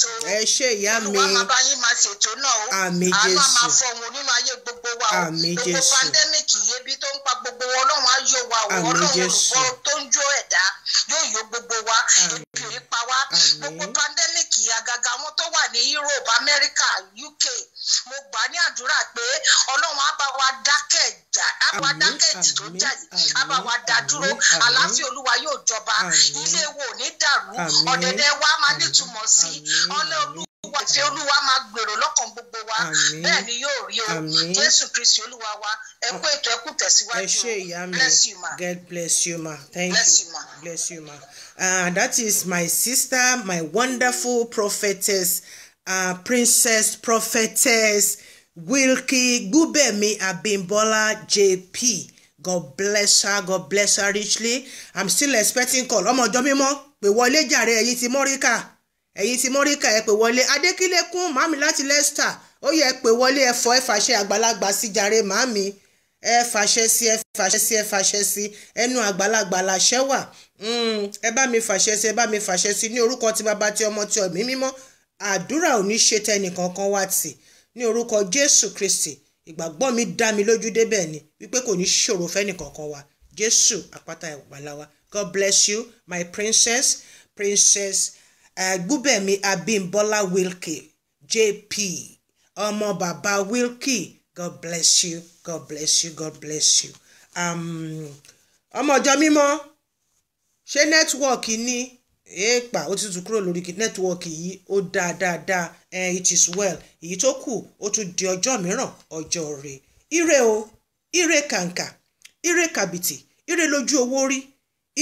ṣètò ẹ ṣe ìyá mi olúwa máa bá yín máa ṣètò náà o àmì jésù àánú máa fọ nínú ayé gbogbo wa o àmì jésù gbogbo pandemic yebi tó ń pa gbogbo wọn ọlọ́run á yọ wa o ọlọ́run olùkọ́ tó ń jó ẹ̀dá yóò yọ gbogbo wa ebi ò ní gbogbo pandemic àgàgà wọn tó wà ní Europe America UK mo gbà ní àdúrà pé ọlọ́run á bá wa dákẹ́ ìjà á bá wa dákẹ́ ìjì tó jà yìí á bá wa dá dúró àlàáfíà olúwa yóò jọba ilé wo ní dàrú ọ̀dẹ̀dẹ̀ wa máa nítumọ̀ sí ọ̀nà olúwa tí olúwa máa gbèrò lọ́kàn gbogbo wa bẹ́ẹ̀ ni yóò rí o jésù kristi olúwa wa ẹ kú ètò ẹ kú tẹ̀síwájú bless you ma god bless you ma thank bless you ma bless you ma uh, that is my sister my wonderful prophetess uh, princess prophetess wilkie gbúbẹ̀mí abimbola jp. God bless her, God bless her richly. I'm still expecting call. Ọmọ ọjọ́ mímọ́ pé wọlé jàre ẹ̀yin ti Mọ́ríkà ẹ̀yin tí mọ́ríkà ẹ pè wọlé adékílékún màmí láti leicester ó yẹ pé wọlé ẹ̀fọ́ ẹ fàṣẹ àgbàlagbà sí jàre màmí ẹ fàṣẹ sí ẹ fàṣẹ sí ẹ fàṣẹ sí ẹnu àgbàlagbà làṣẹ wà hmm, ẹ bá mi fàṣẹ sí ẹ bá mi fàṣẹ sí ní orúkọ ti bàbá ti ọmọ ti ọ̀mí mímọ́ àdúrà ò ní ṣe tẹnìkankan wá tì ní orúkọ jésù kristi ìgbàgbọ́ mi dá mi lójú débẹ̀ ni wípé kò ní ṣòro fẹ́nìkankan wa jésù àpáta ìgbàlà god bless you my princess princess agbúbẹ̀mí Abimbola wilkie jp ọmọ bàbá wilkie god bless you god bless you god bless you um, ọmọ ọjọ́ mímọ́ ṣé nẹ́tíwọ́ọ̀kì ní èèpà ó ti tún kúrò lórí nẹ́tíwọ́ọ̀kì yìí ó dáa dáadáa eh, it is well èyí tó kù ó tún di ọjọ́ mìíràn ọjọ́ rẹ̀ ire o ire kàǹkà ire kàbìtì ire lójú owó rí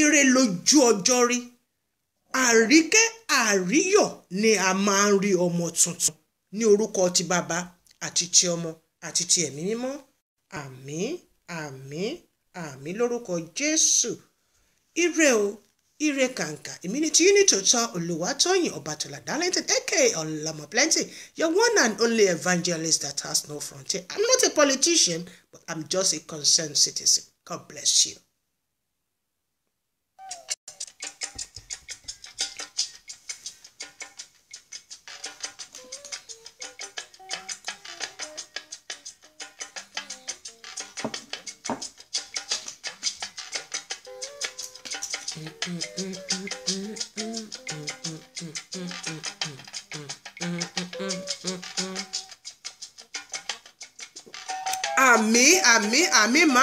ire lójú ọjọ́ rí àríkẹ́ àríyọ̀ ni a máa ń rí ọmọ tuntun ní orúkọ ti bàbá àti ti ọmọ àti ti ẹ̀mí mímọ́ àmín àmín àmín lórúkọ Jésù ire o ire kàǹkà èmi ni ti yín ní tòótọ́ Olúwatóyìn Ọbàtálá Darlington aka Ọlámọ Plenty your one and only evangelist that has no frontier I'm not a politician but I'm just a concerned citizen God bless you.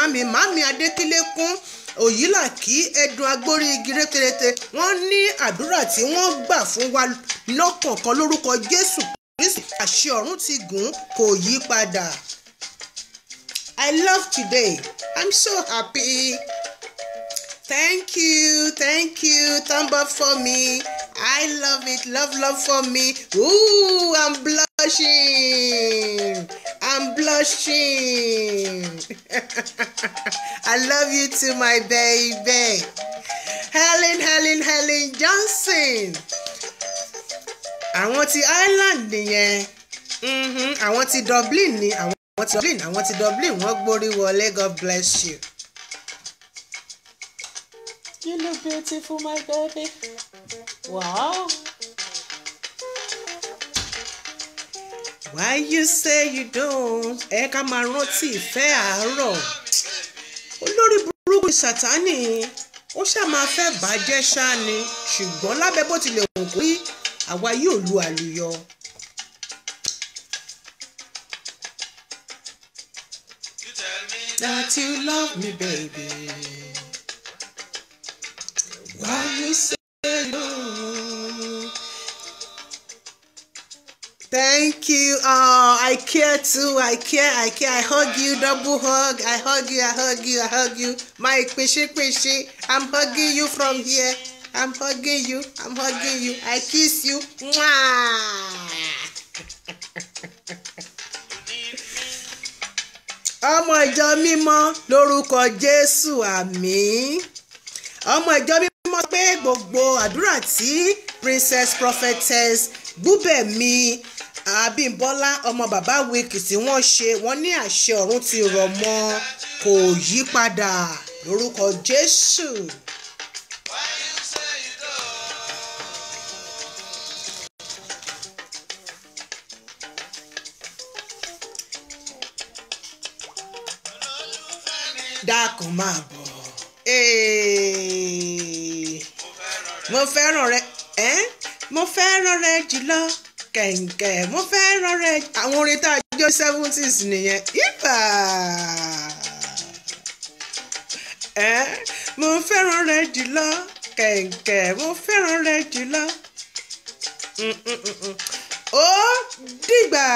màmí màmí adékílékún òyìnlàkí ẹdùn agbórí igi rétérété wọ́n ní àdúrà tí wọ́n gbà fún wa lọ́kọ̀ọ̀kan lórúkọ jésù kristi àṣẹ ọ̀run ti gùn kò yí padà. I love today. I'm so happy. Thank you, thank you, thumb for me. I love it, love, love for me. Ooh, I'm blessed blushing. I'm blushing. *laughs* I love you too, my baby. Helen, Helen, Helen Johnson. Àwọn ti Ireland nìyẹn. Mm-hmm. Àwọn ti Dublin ni àwọn ti Dublin àwọn ti Dublin wọ́n gbórí wọlé God bless you. You look beautiful, my baby. Wow. why you say you don't ẹ ká máa rántí ìfẹ́ àárọ̀ olórí burúkú sátánì ó ṣáà máa fẹ́ bàjẹ́ ṣáá ni ṣùgbọ́n lábẹ́ bó tilẹ̀ wù kó rí àwa yóò lu àlùyọ. That you love me, baby. Why you say Thank you. Oh, I care too. I care. I care. I hug you. Double hug. I hug you. I hug you. I hug you. My pishi pishi. I'm hugging you from here. I'm hugging you. I'm hugging you. I kiss you. Ọmọ ìjọ mímọ́ lórúkọ Jésù àmín. Ọmọ ìjọ mímọ́ pé gbogbo àdúrà tí Princess Prophetess Gbúbẹ̀mí Abímbọ́lá ọmọ bàbá wíìkì tí wọ́n ṣe wọ́n ní àṣẹ ọ̀run ti rọ̀ mọ́ kò yí padà lórúkọ Jésù. dákun máa bọ̀ mo fẹ́ràn rẹ mo fẹ́ràn rẹ jùlọ kẹ̀ǹkẹ̀ mo fẹ́ rọrẹ́ àwọn orin tá a jọ seventies nìyẹn ibà ẹ mo fẹ́ràn rẹ jùlọ kẹ̀ǹkẹ̀ mo fẹ́ràn rẹ jùlọ mm, mm, mm, ó dìgbà.